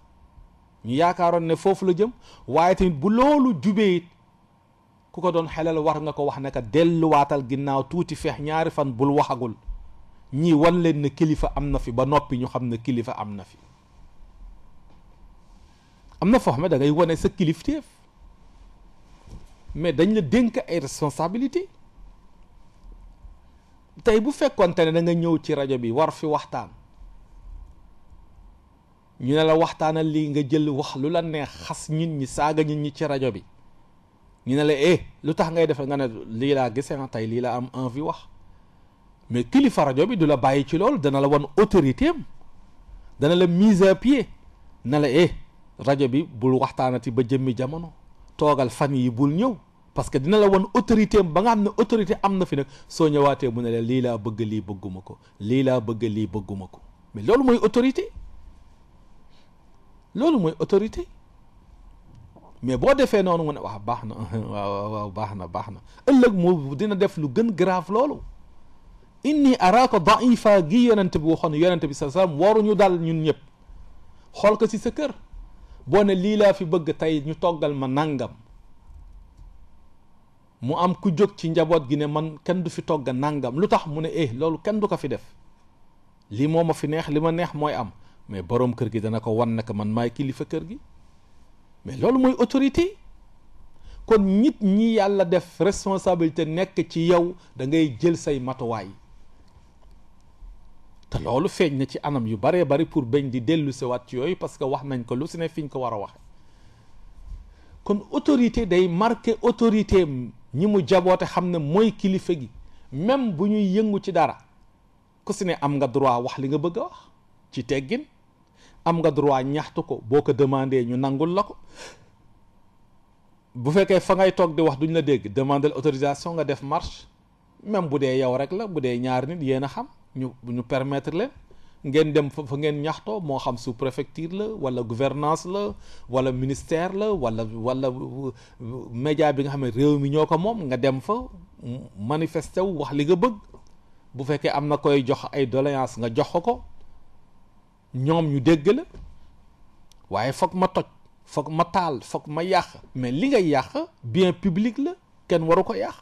ñu yaakaaroon ne foofu la jëm waaye tamit bu loolu jubee it ku ko doon xelal war nga ko wax ne ka delluwaatal ginnaaw tuuti feex ñaari fan bul waxagul ñii wan leen ne kilifa am na fi ba noppi ñu xam ne kilifa am na fi am na foo xam ne da ngay wane sa kilifteef mais dañ la dénk ay responsabilité tey bu fekkonte ne da nga ñëw ci rajo bi war fi waxtaan ñu ne la waxtaanal lii nga jël wax lu la neex xas ñin ñi saaga ñin ñi ci rajo bi ñu ne la eh lu tax ngay defe nga ne lii laa gisee na tey lii la am envie wax mais kilifa rajo bi du la bàyyi ci loolu dana la wan autorité am dana la mise à pied na la eh rajo bi bul waxtaanati ba jëmmi jamono toogal fan yi bul ñëw parce que dina la wan autorité am ba nga xam ne autorité am na fi nag soo ñëwaatee mu ne la lii laa bëgg lii bëgguma ko lii laa bëgg lii bëgguma ko mais loolu mooy autorité loolu mooy autorité mais boo defee noonu mu ne waaw baax na waaw waaw baax na baax na ëllëg mu dina def lu gën grave loolu inni araaka daifa gi yonente bi waxoon yonente bi sa sam ñu dal ñun ñëpp xool ko si sa kër boo ne lii laa fi bëgg tey ñu toggal ma nangam mu am ku jóg ci njaboot gi ne man kenn du fi toggal nangam lu tax mu ne eh loolu kenn du ko fi def lii moo ma fi neex li ma neex mooy am mais boroom kër gi dana ko wan naka man maay kilifa kër gi mais loolu mooy autorité kon nit ñi yàlla def responsabilité nekk ci yow da ngay jël say matuwaay te loolu feeñ na ci anam yu baree bari pour bañ di dellu siwaat ci yooyu parce que wax nañ ko lu si ne fiñ ko war a wax kon autorité day marqué autorité ñi mu jaboote xam ne mooy kilifa gi même bu ñuy yëngu ci dara ku si am nga droit wax li nga bëgg a wax ci teggin am nga droit ñaxtu ko boo ko demandé ñu nangul la ko bu fekkee fa ngay toog di wax duñ la dégg demander autorisation nga def marche même bu dee yow rek la bu dee ñaar nit yéen a xam ñu ñu permettre leen ngeen dem fa ngeen ñaxtoo moo xam sous préfecture la wala gouvernance la wala ministère la wala wala média bi nga xam ne réew mi ñoo ko moom nga dem fa manifester wu wax li nga bëgg bu fekkee am na koy jox ay doléance nga jox ko ko ñoom ñu dégg la waaye foog ma toj foog ma taal foog ma yàq mais li nga yàq bien public la kenn waru ko yàq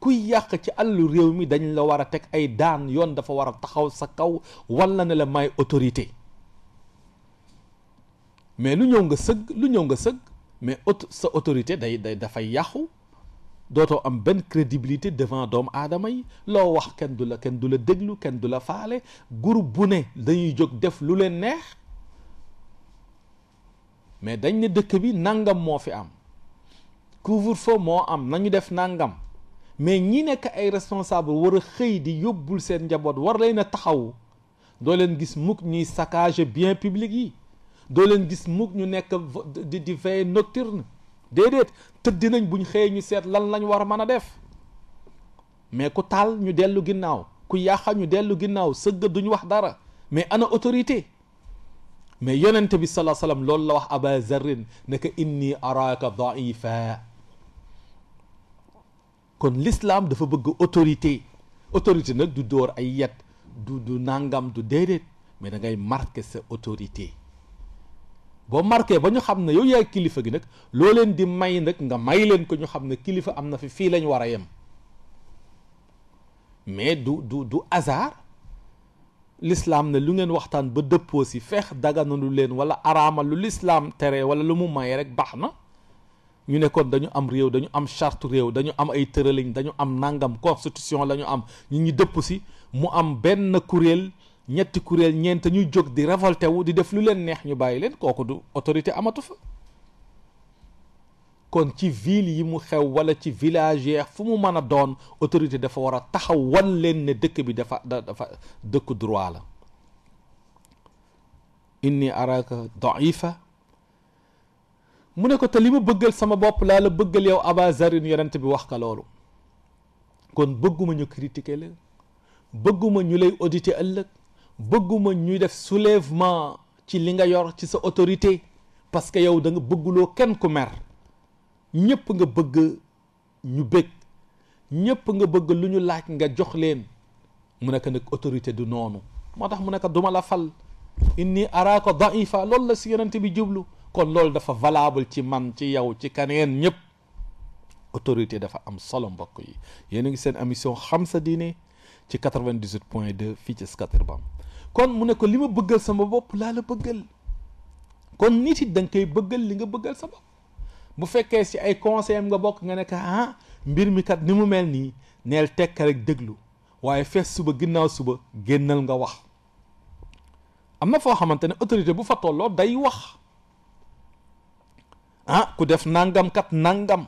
kuy yàq ci àllu réew mi dañ la war a teg ay daan yoon dafa war a taxaw sa kaw walla ne la may autorité mais lu ñëw nga sëgg lu ñëw nga sëg mais auto sa autorité day day dafay yàqu doto am ben crédibilité devant dom adamay lo wax ken du la kenn du la déglu kenn du la groupe bu dañuy jog def lu neex mais dañ ne dëkk bi nangam mo fi am couvre-feu mo am nañu def nangam mais ñi nek ay responsable wara xey di yobul sen njaboot war leena taxaw do len gis mukk ñi saccager bien public yi do len gis mukk ñu nek di di veille nocturne déedéet tëddi nañ buñ xëyee ñu seet lan lañ war a mën a def mais ku taal ñu dellu ginnaaw ku yàqa ñu dellu ginnaaw sëgg duñ wax dara mais ana autorité mais yonent bi salaa sallam loolu la wax aba zarrin ne que inni araaka daifa kon l'islam dafa bëgg autorité autorité nag du dóor ay yet du du nangam du déedéet mais da ngay marquer sa autorité boo marqué ba ñu xam ne yow yaay kilifa gi nag loo leen di may nag nga may leen ko ñu xam ne kilifa am na fi fii lañ war a yem mais du du du hasard l'islam ne lu ngeen waxtaan ba dëppoo si feex dagana lu leen wala arama lu l'islam tere wala lu mu maye rek baax na ñu ne kon dañu am réew dañu am charte réew dañu am ay tëraliñ dañu am nangam constitution lañu am ñi ñi dëpp si mu am benn kuréel ñetti kuréel ñeent ñuy jóg di révolté wu di def lu leen neex ñu bàyyi leen kooku du autorité amatu fa kon ci ville yi mu xew wala ci village yeex fu mu mën a doon autorité dafa war a taxaw wan leen ne dëkk bi dafa dëkku droit la inni araka daifa mu ne ko te li ma bëggal sama bopp laa la bëggal yow aba zarin yonent bi wax ka loolu kon bëgguma ñu critiquer la bëgguma ñu lay auditer ëllëg bëgguma ñuy def soulèvement ci li nga yor ci sa autorité parce que yow da nga bëgguloo kenn ku mer ñëpp nga bëgg ñu bëgg ñëpp nga bëgg lu ñu laaj nga jox leen mu nekk nag autorité du noonu moo tax mu nekk duma la fal inni araaka daifa loolu la si yonente bi jublu kon loolu dafa valable ci man ci yow ci kaneen ñëpp autorité dafa am solo mbokk yi yéen a ngi seen émission xam sa diine ci 98 point deux fii ci Scat Urbam kon mu ne ko li ma bëggal sama bopp laa la bëggal kon nit it da koy bëggal li nga bëggal sa bopp bu fekkee si ay conseil nga bokk nga ne ko ah mbir mi kat ni mu mel nii neel tekk rek déglu waaye fees suba ginnaaw suba génnal nga wax am na foo xamante ne autorité bu fa tolloo day wax ah ku def nangam kat nangam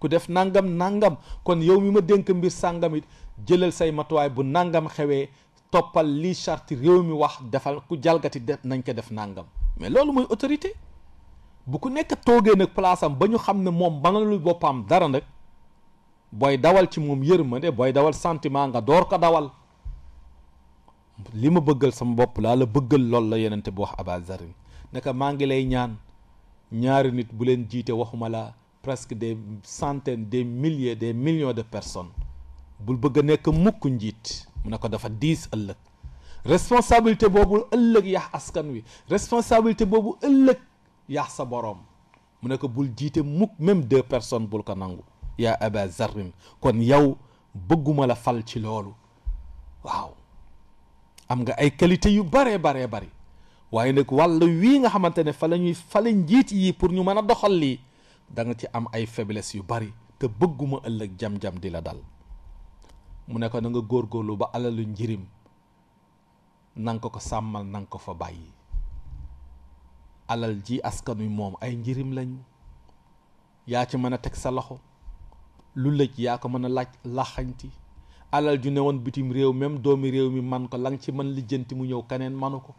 ku def nangam nangam kon yow mi ma dënk mbir sàngam it jëlal say matuwaay bu nangam xewee toppal lii charte réew mi wax defal ku jalgati de nañ ko def nàngam mais loolu mooy autorité bu ku nekk toogee nag place ba ñu xam ne moom mënalul boppam dara nag booy dawal ci moom ma yërmande booy dawal sentiment nga door ko dawal li ma bëggal sama bopp laa la bëggal loolu la yenente bu wax Aba Zarin naka maa ngi lay ñaan ñaari nit bu leen jiite waxuma la presque des centaines des milliers des millions de personnes bul bëgg a nekk mukk njiit mu ne ko dafa diis ëllëg responsabilité boobu ëllëg yax askan wi responsabilité boobu ëllëg yax sa boroom mu ne ko bul jiite mukk même deux personnes bul ko nangu yaa aba zarrin kon yow bëgguma la fal ci loolu waaw am nga ay qualité yu baree baree bari waaye nag wàll wii nga xamante ne fa lañuy ñuy fale njiit yi pour ñu mën a doxal lii da nga ci am ay faiblesse yu bari te bëgguma ëllëg jam-jam di la dal mu ne ko na nga góorlu ba alalu njirim nanga ko ko sàmmal nanga ko fa bàyyi alal ji askan wi moom ay njirim lañu yaa ci mën a teg sa loxo lu lëj yaa ko mën a laaj laxanti alal ju ne woon bitim réew même doomi réew mi man ko la nga ci mën lijjanti mu ñëw keneen manu ko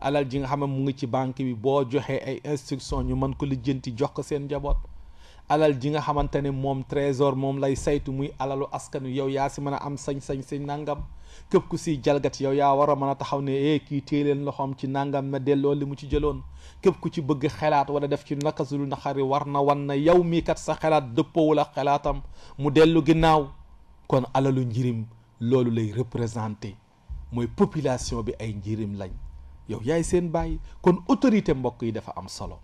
alal ji nga xam ne mu ngi ci banque bi boo joxee ay instruction ñu mën ko lijjanti jox ko seen njaboot alal ji nga xamante ne moom trésor moom lay saytu muy alalu askanu yow yaa si mën a am sañ-sañ si nangam képp ku si jalgat yow yaa war a mën a taxaw ne eh, kii téye leen loxoom ci nangam na delloo li mu ci jëloon képp ku ci bëgg xelaat wala def ci nakasul naxari war na wan na yow mii kat sa xelaat dëppoowul ak xelaatam mu dellu ginnaaw kon alalu njirim loolu lay représenté mooy population bi ay njirim lañ yow yaay seen bàyyi kon autorité mbokk yi dafa am solo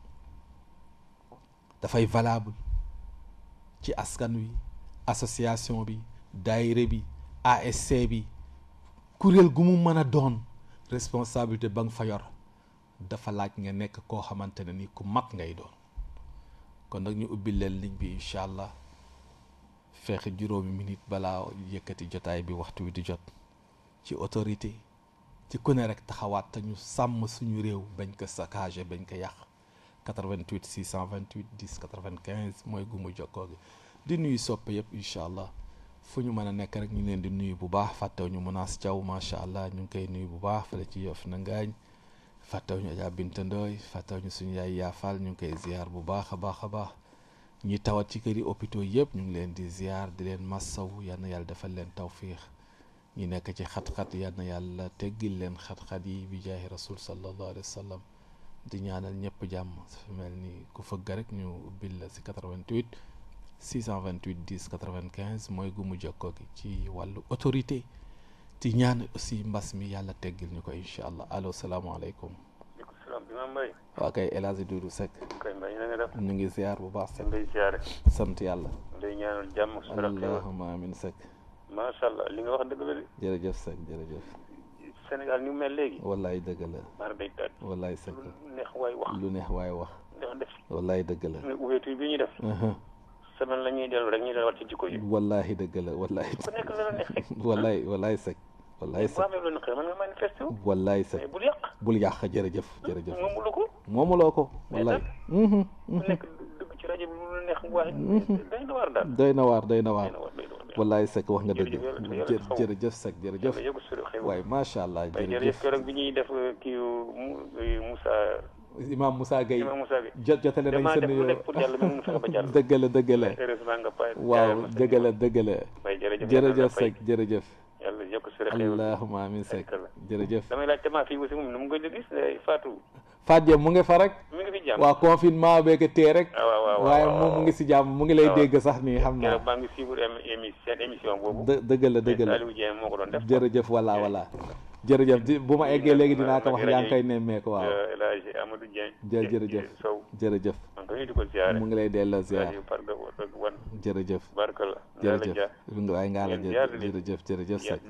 dafay valable ci askan wi association bi daayire bi ASC bi kuréel gu mu mën a doon responsabilité ba nga fa yor dafa laaj nga nekk koo xamante ne ni ku mat ngay doon kon nag ñu ubbi leen ligne bi incha allah fexe juróomi minute balaa yëkkati jotaay bi waxtu wi di jot ci autorité ci ku ne rek taxawaat te ñu sàmm suñu réew bañ ko saccagé bañ ko yàq. 88 628 10 95 mooy gumu jokkoo gi di nuyu soppe yëpp incha allah fu ñu mën a nekk rek ñu leen di nuyu bu baax fàttewu ñu munaas Thiaw macha allah ñu ngi koy nuyu bu baax fële ci yof na ngaañ fàttewu ñu Adja Binta Ndooy fàttewu ñu suñu yaay yaafaal ñu ngi koy ziar bu baax a baax a baax ñi tawat ci kër yi hôpitaux yëpp ñu ngi leen di ziar di leen massaw yal na yàlla defal leen tawfiix ñu nekk ci xat-xat yal na yàlla teggil leen xat-xat yi bi jaahi rasul sallallahu alayhi wa sallam di ñaanal ñëpp jàmm su mel ni ku fëgg rek ñu ubbil la si 88 628 10 95 mooy gumu jokkoo ci wàllu autorité di ñaan aussi mbas mi yàlla teggil ñu ko incha allah allo salaamaaleykum. waaleykum salaam bi ma mbay. waa kay ngi ziar bu baax. ñu ngi ziare. sant yàlla. day ñaanal jàmm. allahumma amin Seck. macha allah li nga jërëjëf Seck jërëjëf. Sénégal ni mu mel léegi. wallaay dëgg la. maa ngi béykat. wallaay sëkk waay wax. lu dëgg la. bi ñuy def. Uh-huh. semaine la rek ñu delluwaat ci jikko yi. wallaay dëgg la wallaay. ku nekk la la neex rek. wallaay wallaay sëkk. wallaay bu amee lu naqari bul yàq. bul yàq jërëjëf ko. moomuloo ko wallaay. Uh-huh, uh-huh. ku nekk bi mu neex waay. doy na waar doy na waar. wallaay Seck wax nga dëgg jërëjëf Seck jërëjëf waaye macha allah jërëjëf keroog bi ñuy def euh, kii euh, euh, Moussa Imam Moussa Gueye jot jotale nañ seen nuyoo dëgg la dëgg la waaw dëgg la dëgg la jërëjëf Seck amin Seck jërëjëf a eh, Fadje mu ngi fa rek. mu waaw confinement beeg a rek. Ah, waaye moom mu ngi si jàmm mu ngi lay ah, dégg sax nii xam naa. maa ngi suivre boobu. dë dëgg la dëgg la ko doon def. jërëjëf walla wala. jërëjëf di bu ma eggee léegi dinaa ko wax yaa ngi koy nemmeeku waaw. Euh, El Hadj Amadou Dieng. jërëjëf jërëjëf. mu ngi lay delloo ziar. jërëjëf. jërëjëf. waaye ngaa la jërëjëf jërëjëf Seck.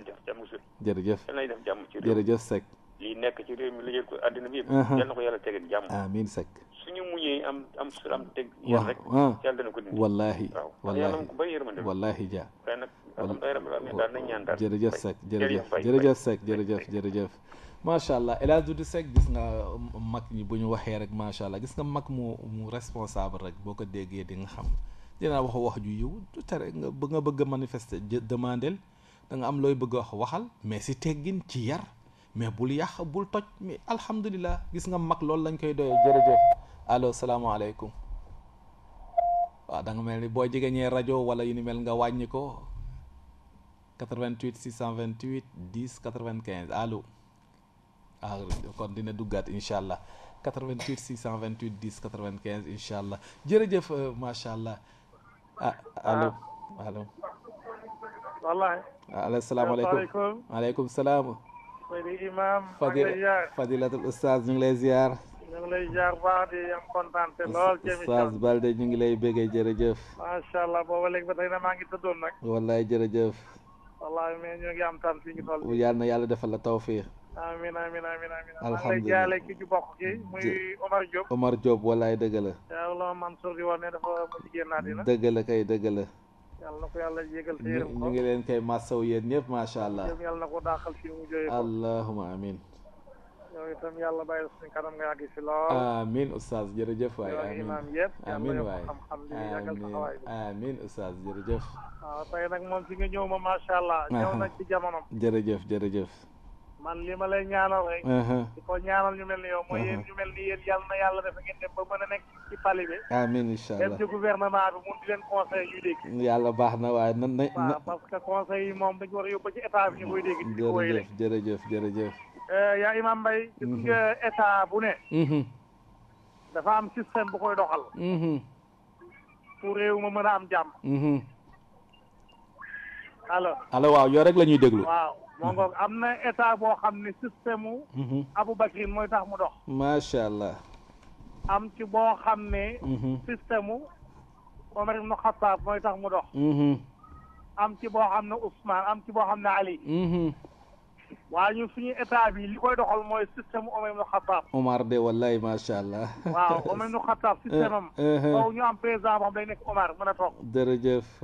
jërëjëf. jërëjëf Seck. li nekk ci réew mi liggéey ko àddina bi yëpp yal ko yàlla tegin jàmm amiin suñu muñee am am su am teg yàlla rek yàlla dana ko dindi wallahi wallahi yàlla ko bari yërmande wallahi ja jërëjëf jërëjëf jërëjëf jërëjëf jërëjëf macha allah elage dudu sekk gis nga um, mag ñi bu ñu waxee rek macha allah gis nga mag mu mu responsable rek boo ko déggee di nga xam dinaa wax wax ju yiw du tere nga nga bëgg a manifester demandel da nga am looy bëgg wax waxal mais si teggin ci yar mais bul yah bul toj mais alhamdulilah gis nga mak lol lañ koy doyee jërëjëf allo salam alaykum wa da nga melni boy jige ñe radio wala yu ni mel nga wañi ko 88 628 10 95 allo ah kon dina duggaat incha 88 628 10 95 inshallah allah jërëjëf euh, macha allah ah allo ah. allo. wallaahi. waaleykum alaykum alaykum salam Seydi Imaam. Fadilatul Oustaz ñu ngi lay ziar. ñu ngi lay ziar baax di am kontaan te lool. ci émission Balde ñu ngi lay bëggee jërëjëf. macha booba léegi ba tey maa ngi tëddoon nag. wallaay jërëjëf. yal na yàlla defal la tawfiq. amiin amiin amiin alhamdulilah maa ngi ki ci bokk ki muy Omar Diop. Omar Diop wallaay di wax ne dafa mujj génnaat dina. dëgg kay dëgg yàlla ko yàlla yégal te yërëm ko ñu ngi leen koy massaw yéen ñëpp macha allah yàlla na ko daaxal fi mu amin yow itam yàlla bàyyi suñu amin oustaz jërëjëf waay amin imaam yëpp amin amin oustaz jërëjëf waaw ah, tey nag moom fi ma macha allah ñëw nag jërëjëf jërëjëf man li ma lay ñaanal rek. Uh-huh. di ko ñaanal ñu mel ni yow. mooy yéen uh-huh. ñu mel ni yéen yal na yàlla def ngeen dem ba mën a nekk ci pali bi. amiin incha allah baax na waaye nan nañ. waaw parce que conseil yi moom dañu war a yóbbu ci état bi ñu koy dégg. di ko jërëjëf jërëjëf eh, yaa Imam Mbaye. gis mm-hmm. bu ne. Mm-hmm. dafa am système bu koy doxal. Mm-hmm. pour réew ma mën a am jàmm. allo allo waaw yow rek la déglu moo am na état boo xam ne système mu. Mhm. Aboubacry mooy tax mu dox. macha allah. am ci boo xam ne. Mhm. système mu Omar ibn Khattab mooy tax mu dox. Mhm. am ci boo xam ne Ousmane am ci boo xam ne Ali. waaw ñun suñu état bi li koy doxal mooy système Omar ibn Khattab. Omar de wallahi macha allah. waaam Omar ibn Khattab système am. foofu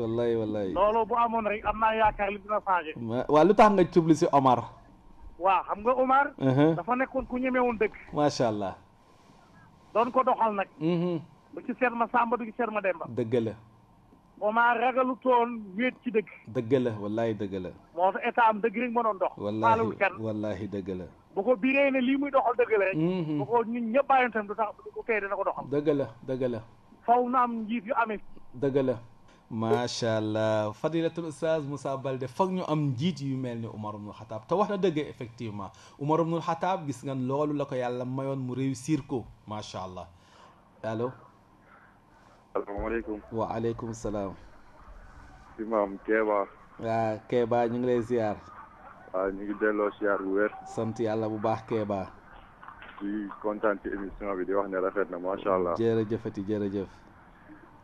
wallahi wallahi. loolu bu amoon rek am naa yaakaar li dina changé. waaw lu tax nga jubli si waaw xam nga Omar. Eh, eh. dafa nekkoon ku ñemewoon dëkk. macha allah. doon ko doxal nag. Mm-hmm. bu ci seet ma Samba du ci seet ma Demba. dëgg Omar ragalu toon wéet ci dëgg dëgg la wallahi dëgg la moo tax état am dox faalul kenn wallahi dëgg la bu ko biree ne lii muy doxal dëgg la rek mhm. bu ko ñun dëgg la dëgg la faw na am njiit yu amee dëgg la macha allah fadilatul ustaz Moussa Balde foog ñu am njiit yu mel ni Umar ibnul Xataab te wax na dëgg effectivement Umar ibnul Xataab gis nga loolu la ko yàlla mayoon mu réussir ko macha allah allo asalaamaaleykum. waaleykum salaam. imaam Kéba. waaw Kéba ñu ngi lay ziar. waaw ñu ngi delloo ziar bu weer sant yàlla bu baax Kéba. di kontaan ci émission bi di wax ne rafet na macha allah. jërëjëfati jërëjëf.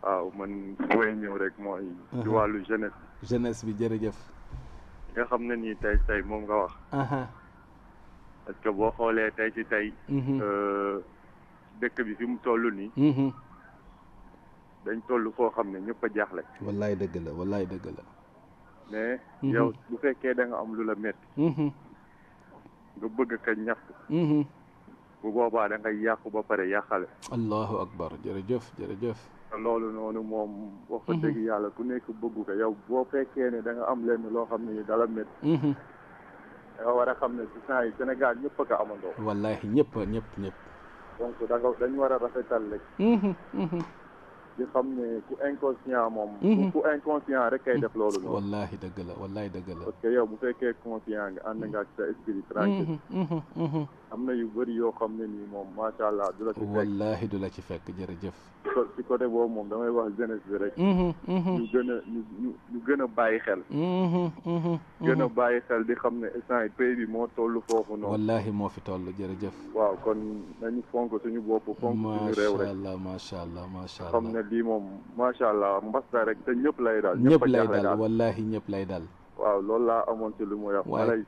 waaw man booy ñëw rek mooy. ci uh-huh. wàllu jeunesse. jeunesse bi jërëjëf. nga xam na nii tey tey moom nga wax. Uh-huh. parce que boo xoolee tey ci tey. Uh-huh. Euh, dëkk bi fi mu toll nii. dañ toll foo xam ne ñëpp a jaaxle. wallaay dëgg la wallaay dëgg la. mais. Mhm. yow bu fekkee da am lu la metti mhm. nga bëgg ka ñaxtu. Mhm. bu boobaa da ngay yàqu ba pare yàqale. allahu akbar jërëjëf jërëjëf. loolu noonu moom. wax a dëgg yàlla ku nekk bëggu ko yow boo fekkee ne da nga am lenn loo xam ne dala métti. da war a xam ne ci temps yi Sénégal ñëpp a ko amandoo. wallaahi ñëpp ñëpp donc da dañ war a rafetal rek. di xam ne ku inconscient moom. Mhm. ku inconscient rek kay def loolu noonu. wallaahi dëgg la wallaahi dëgg la. yow bu fekkee conscient nga ànd nga ak sa esprit am na yu bëri yoo xam ne nii moom macha allah. du la ci fekk wallaahi du la ci fekk jërëjëf. côté boobu moom damay wax jeunesse bi rek. Mm-hmm, mm-hmm. ñu gën a ñu ñu bàyyi xel. Mm-hmm, gën a bàyyi xel di xam ne instant pays bi moo toll foofu noonu. wallaahi moo fi toll jërëjëf. waaw kon nañu fonk suñu bopp. fonk suñu réew rek macha allah macha allah xam ne lii moom macha allah mbas la rek te ñëpp lay daal. ñëpp lay daal wallaahi ñëpp lay daal. waaw loolu laa amoon ci lu mu wax. ma lay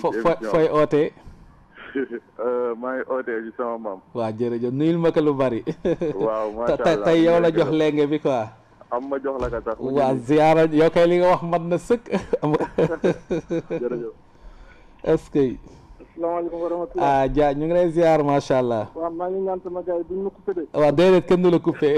sant fooy ootee. Euh, maa ngi ootee ci sama maam. waaw jërëjëf nuyul ma ko lu bari. waaw macha yow la jox lenge bi quoi. am ma jox la ka sax. waa ziara yow li nga wax mat na sëkk. jërëjëf. est salaamaaleykum wa rahmatulah. ah Dia ñu ngi lay ziar macha allah. waaw maa ngi ñaan sama gars yi duñ ma coupé de. waaw déedéet kenn du la coupé.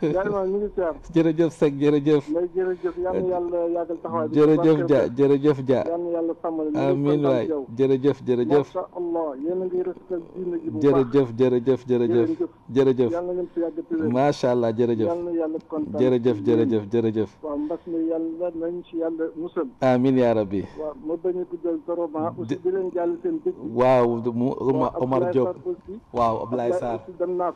yàlla ñu ngi ziar. jërëjëf Seck jërëjëf. mais jërëjëf yal na yàlla yàggal taxawaay bi. jërëjëf Dia jërëjëf Dia. yal na yàlla sàmmal ñu. amiin waay jërëjëf jërëjëf. macha allah yéen a ngi respecté diine ji bu baax. jërëjëf jërëjëf jërëjëf. jërëjëf yal na ngeen si yàgg tëjee. macha allah jërëjëf. yal na yàlla kontaan jërëjëf jërëjëf jërëjëf. waaw mbas mi yàlla nañ ci yàlla musal. amiin yaa rabbi. waaw ma bañ a guddal trop ah aussi di leen jàll waaw mu Omar Diop waaw Abdoulaye Sarr aussi dem naa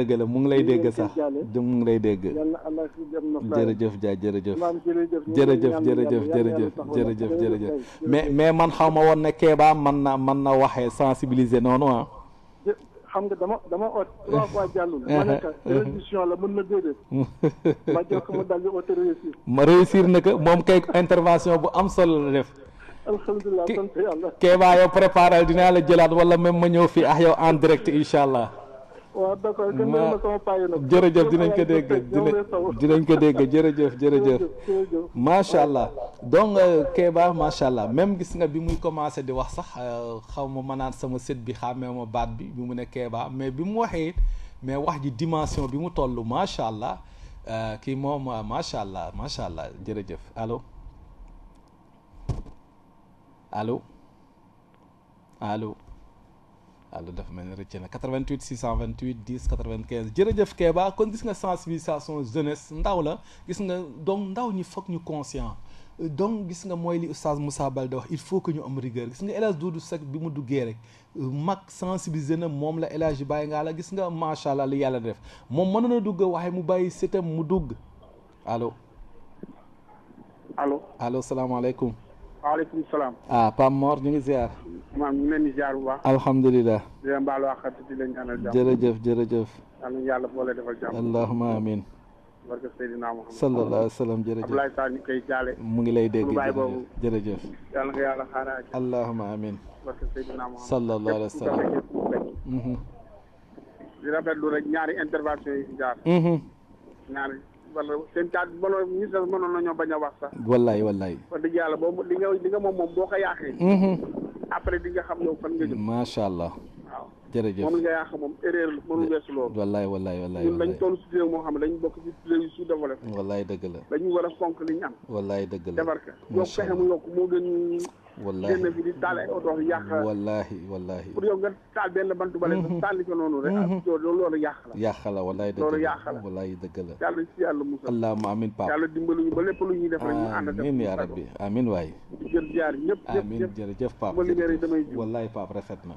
euh, mu ngi lay dégg sax mu ngi lay dégg. yàlla allah jërëjëf Dia jërëjëf. jërëjëf jërëjëf jërëjëf mais mais man xaw ma woon ne Kéba man na man na waxee sensibiliser noonu ah. xam nga dama dama oot la mën na déedéet. ma ma réussir na moom kay intervention bu am solo la def. préparal dinaa la jëlaat wala même ma ñëw fii ah yow en direct incha allah. waaw d'accord jërëjëf dinañ ko dégg dinañ ko dégg jërëjëf jërëjëf macha allah donc euh, Kéba macha allah même gis nga bi muy commencé di wax sax euh, xaw ma mënaat sama sët bi xàmmee ma baat bi bi mu ne kebaa mais bi mu waxee mais wax ji dimension bi mu toll macha allah euh, kii moom macha allah macha allah jërëjëf alo allo allo alors dafa mel ni rëcc na 88 628 10 95 jërëjëf Kéba kon gis nga sensibilisation jeunesse ndaw la gis nga donc ndaw ñi foog ñu conscient donc gis nga mooy li oustaz Moussa Baldé wax il faut que ñu am rigueur gis nga El Hadj Doudou Seck bi mu duggee rek mag sensibiliser na moom la El Hadj bàyyi ngaa la gis nga macha allah li yàlla def moom mën a dugg waaye mu bàyyi setam mu dugg allo. allo allo salaamaaleykum. waaleykum salaam. ah Pape Mor ñu ngi ziar. maam ñu ngi leen di ziar bu baax. alhamdulilah. di leen baalu àq di leen ñaanal jàmm. jërëjëf jërëjëf. yal na yàlla boole defal jàmm. allahumma amiin. barke Seydina Muhammad. sallallahu alayhi wa sallam jërëjëf. Abdoulaye Sall ñu koy jaale. mu ngi lay dégg jërëjëf jërëjëf. yal na nga yàlla xaaral. allahumma amiin. barke Seydina Muhammad. sallallahu alayhi wa sallam. di rafetlu rek ñaari intervention yi si jaar. ñaari. wala seen kàddu mënoon ministre mënoon nañoo bañ a wax sax. wallaay wallaay. wax dëgg yàlla boobu li nga li nga moom moom boo ko yàqee. Mm-hmm. après di nga xam yow fan nga jëm. macha allah. waaw jërëjëf moom nga yàq moom erreur mënul weesu loolu. wallaay wallaay wallaay ñun dañ toll si réew moo dëgg la dañu war a fonk li ñu am. wallaay dëgg la defar ka. yokk pexe yokk moo gën wallaahi génn bi di taal ay oto yàq la wallaahi wallaahi pour yow nga taal benn bantu bale sànni mhm. mhm. la yàq la wallaahi dëgg la loolu la yàlla si yàlla musal allahumma amin pap ba lépp lu ñuy def rek ñu ànd ak amin yaa rabbi amin waay jër jaar ñëpp amin jërëjëf pap damay wallaahi pap na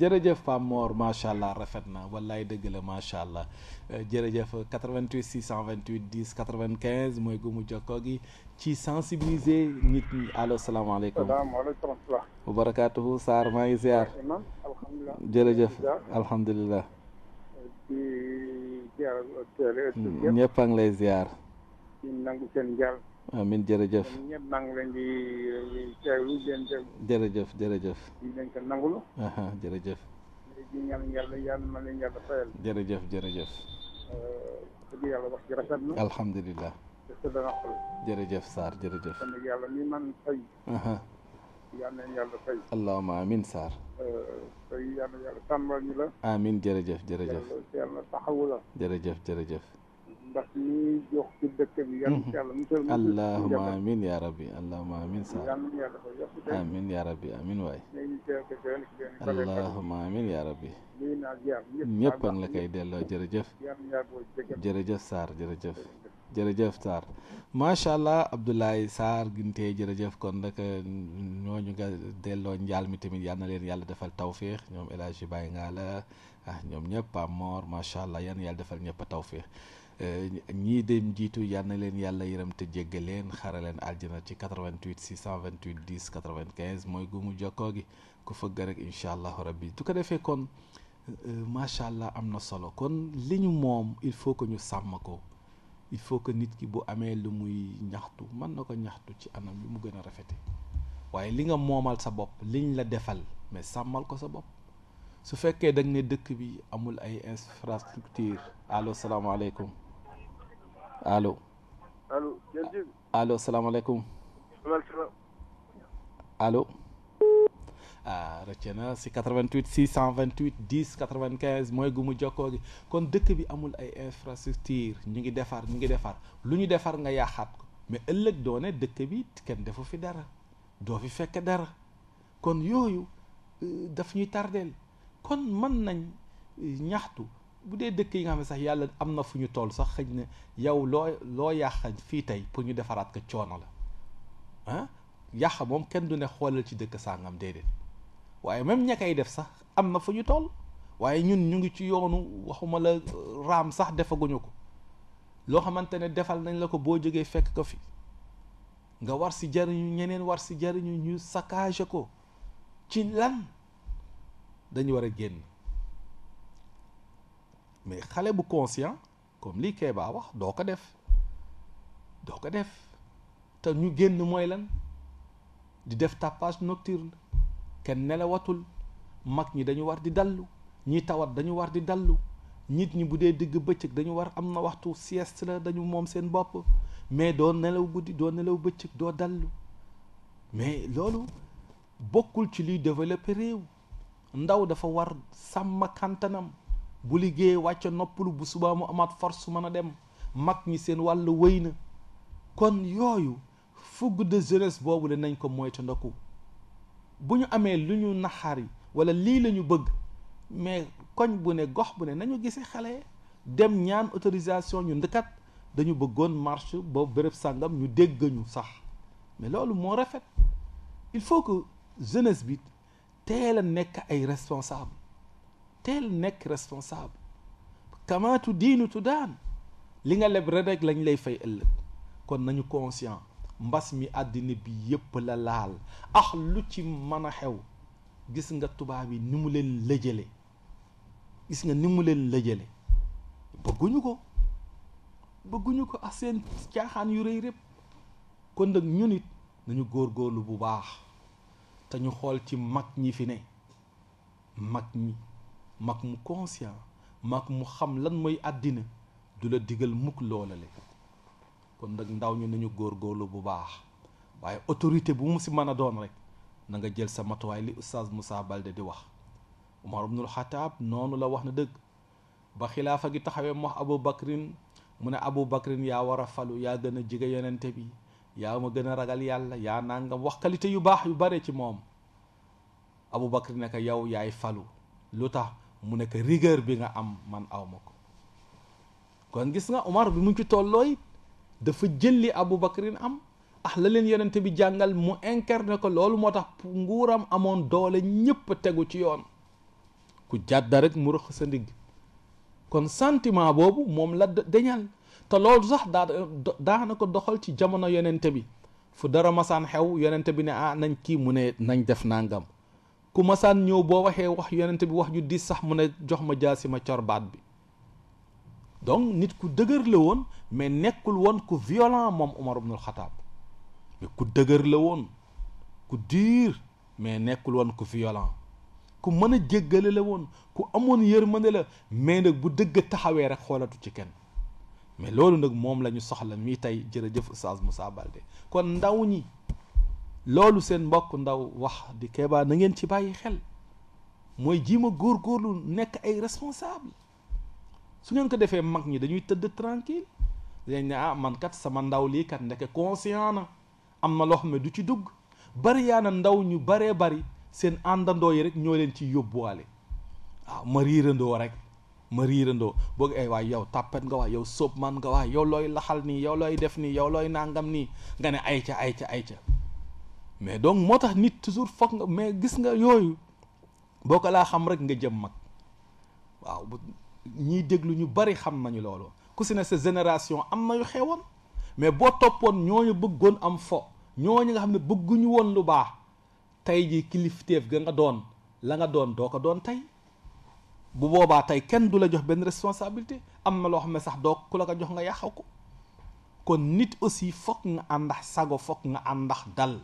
jërëjëf pap Mor macha allah rafet na wallaahi dëgg la macha allah euh, jërëjëf 88 628 10 95 mooy gumu jokkoo gi ci sensibiliser nit ñi allo salaamaaleykum. waaleykum salaam. wa maa ngi ziar. alhamdulilah jërëjëf alhamdulilah. di ziar ñëpp a ngi lay ziar. di nangu seen jaar. amiin jërëjëf. ñëpp jërëjëf jërëjëf. jërëjëf. yàlla yàlla jërëjëf jërëjëf. dëgg yàlla jërëjëf Sarr jërëjëf. kon nag yàlla mi man fay. yal na yàlla fay. allahumma amin Sarr. fay yal na yàlla tàmbal ñu la. amin jërëjëf jërëjëf. yàlla taxawu la. jërëjëf jërëjëf. ndax ñuy jox ci dëkk bi. yal na yàlla musal musal allahumma amin yaa rabbi allahumma amin Sarr. amin yaa rabbi amin waay. allahumma amin yaa rabbi. ñëpp a ngi la koy delloo jërëjëf. jërëjëf Sarr jërëjëf. jërëjëf Sarr macha allah Abdoulaye Sarr Ginte jërëjëf kon nag euh, ñooñu nga delloo njaal mi tamit yal na leen yàlla defal tawféex ñoom El Hadj Baye ngaa la ah ñoom ñëpp am moor macha allah yal yàlla defal ñëpp a tawféex euh, ñii dem njiitu yal na leen yàlla yërëm te jégga leen xara leen aljana ci 88 628 10 95 mooy gumu jokkoo gi ku fëgg rek incha allah rabbi du ko defee kon euh, macha allah am na solo kon li ñu moom il faut que ñu sàmm ko. il faut que nit ki bu amee lu muy ñaxtu mën na ko ñaxtu ci anam yu mu gën a rafete waaye li nga moomal sa bopp liñ la defal mais sàmmal ko sa bopp su fekkee da ne dëkk bi amul ay infrastructure allo salaamaaleykum allo. allo jërëjëf allo salaamaaleykum. allo. ah rëcc na si 88 628 10 95 mooy gu mu jokkoo gi kon dëkk bi amul ay infrastructure ñu ngi defar ñu ngi defar lu ñu defar nga yàqaat ko mais ëllëg doone dëkk bi kenn defu fi dara doo fi fekk dara kon yooyu euh, daf ñuy tardeel kon mën nañ euh, ñaxtu bu dee dëkk yi nga xam ne sax yàlla am na fu ñu toll sax xëj na yow loo loo yàq fii tey pour ñu defaraat ko coono la ah yàq moom kenn du ne xoolal ci dëkk sàngam déedéet waaye même ña ay def sax am na fu ñu toll waaye ñun ñu ngi ci yoonu waxuma la euh, raam sax defaguñu ko loo xamante ne defal nañ la ko boo jógee fekk ko fi nga war si jariñu ñeneen war si jariñu ñu saccagé ko ci lan dañu war a génn mais xale bu conscient comme lii baa wax doo ko def doo ko def te ñu génn mooy lan di def tapage nocturne kenn nelawatul mag ñi dañu war di dallu ñi tawat dañu war di dallu nit ñi bu dee digg bëccëg dañu war am na waxtu sieste la dañu moom seen bopp mais doo nelaw guddi doo nelaw bëccëg doo dallu mais loolu bokkul ci luy développé réew ndaw dafa war sàmm kàntanam bu liggéey wàcce noppalu bu subaa mu amaat force mën a dem mag ñi seen wàll wëy na kon yooyu fougue de jeunesse boobu nañ ko moytandiku bu ñu amee lu ñu naxaar wala lii la ñu bëgg mais koñ bu ne gox bu ne nañu gise xale dem ñaan autorisation ñu ndëkkat dañu bëggoon marche ba béréb sàngam ñu dégg sax mais loolu moo rafet il faut que jeunesse bi teel a nekk ay responsable teel nekk responsable kamaatu diinu tu daan li nga leb rek lañ lay fay ëllëg kon nañu conscient mbas mi àddina bi yépp la laal ax lu ci mën a xew gis nga tubaab yi ni mu leen lëjale gis nga ni mu leen lëjale bëgguñu ko bëgguñu ko ak seen caaxaan yu rëy répp kon nag ñun it nañu góorlu bu baax te ñu xool ci mag ñi fi ne mag ñi mag mu conscient mag mu xam lan mooy àddina du la digal mukk loolale kon nag ndaw ñu nañu góorgóorlu bu baax waaye autorité bu mu si mën a doon rek na nga jël sa matuwaay li oustaz Moussa Balde di wax Umar ibnul Xataab noonu la wax na dëgg ba xilaafa gi taxawee mu wax Abu Bakrin mu ne Abu Bakrin yaa war a falu yaa gën a jige yonente bi yaa ma gën a ragal yàlla yaa nangam wax qualité yu baax yu bare ci moom Abu Bakrin ne ko yow yaay falu lu tax mu ne ko rigueur bi nga am man aw ma ko kon gis nga Umar bi mu ci tollooy dafa abu Aboubacrin am ah la leen yonente bi jàngal mu incarné ko loolu moo tax nguuram amoon doole ñépp tegu ci yoon ku jàdda rek mu rëq sa ndigg kon santiment boobu moom la dañal te loolu sax daa daana ko doxal ci jamono yonente bi fu dara masaan xew yonente bi ne ah nañ kii mu ne nañ def nangam ku masaan ñëw boo waxee wax yonente bi wax ju diis sax mu ne jox ma jaasi ma corbaat bi donc nit ku dëgër la woon mais nekkul woon ku violent moom Omar ibnul Xataab mais ku dëgër la woon ku dur mais nekkul woon ku violent ku mën a jéggale la woon ku amoon yërmande la mais nag bu dëgg taxawee rek xoolatu ci kenn mais loolu nag moom la ñu soxla mii tey jërëjëf mu Moussa Baldé kon ndaw ñi loolu seen mbokk ndaw wax di Kéba na ngeen ci bàyyi xel mooy jiima góorlu nekk ay responsable su ngeen ko defee mag ñi dañuy tëdd tranquille dañ ne ah man kat sama ndaw lii kat ndeke conscient na am na loo xam ne du ci dugg bari yaa na ndaw ñu baree bari seen àndandoo yi rek ñoo leen ci yóbbuwaale waaw ah, ma riirandoo rek ma riirandoo boog ay eh, waay yow tàppet nga waay yow sóob man nga waay yow looy laxal nii yow looy def nii yow looy nangam nii nga ne ay ca ayca ayca ayca mais donc moo tax nit toujours foog nga mais gis nga yooyu boo ko laa xam rek nga jëm mag ñiy déglu ñu bari xam nañu loolu ku si sa génération am na yu xewoon mais boo toppoon ñooñu bëggoon am fo ñooñu nga xam ne bëgguñu woon lu baax tey ji kilifteef ga nga doon la nga doon doo ko doon tey bu boobaa tey kenn du la jox benn responsabilité am na loo xam ne sax doo ku la ko jox nga yàqaw ko kon nit aussi fokk nga àndax sago fokk nga àndax dal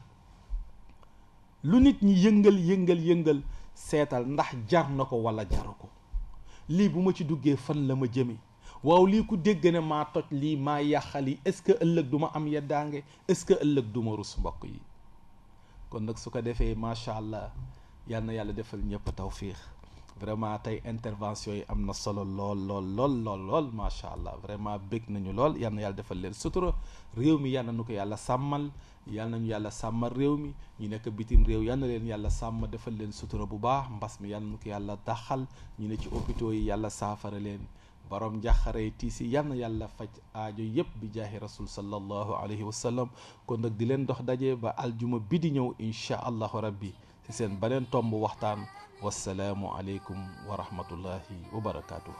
lu nit ñi yëngal yëngal yëngal seetal ndax jar na ko wala jaru ko li bu ma ci duggé fan la ma jëme waaw lii ku dégg ne ma toj lii maa yàqali est-ce que ëlëk duma ma am yeddaange est-ce que ëlëk duma rus mbokk yi kon nak su défé ma sha allah yal yàlla defal ñëpp tawfiq vraiment tay intervention yi amna solo lol lol lol lol lol ma sha allah vraiment bëgg nañu lol yal yàlla defal leen sutura réew mi yal nuko yàlla samal yal nañu yàlla sàmmal réew mi ñu nekk bitim réew yal na leen yàlla sàmmal defal leen sutura bu baax mbas mi yal na ko yàlla daxal ñu ne ci hôpitaux yi yàlla saafara leen borom njàqare yi tiis yi yàlla faj aajo yépp bi jaaxi rasul sallallahu alayhi wa sallam kon nag di leen dox daje ba aljuma bi di ñëw incha allahu rabbi ci seen beneen tomb waxtaan wassalaamu aleykum wa rahmatullahi wa barakaatuhu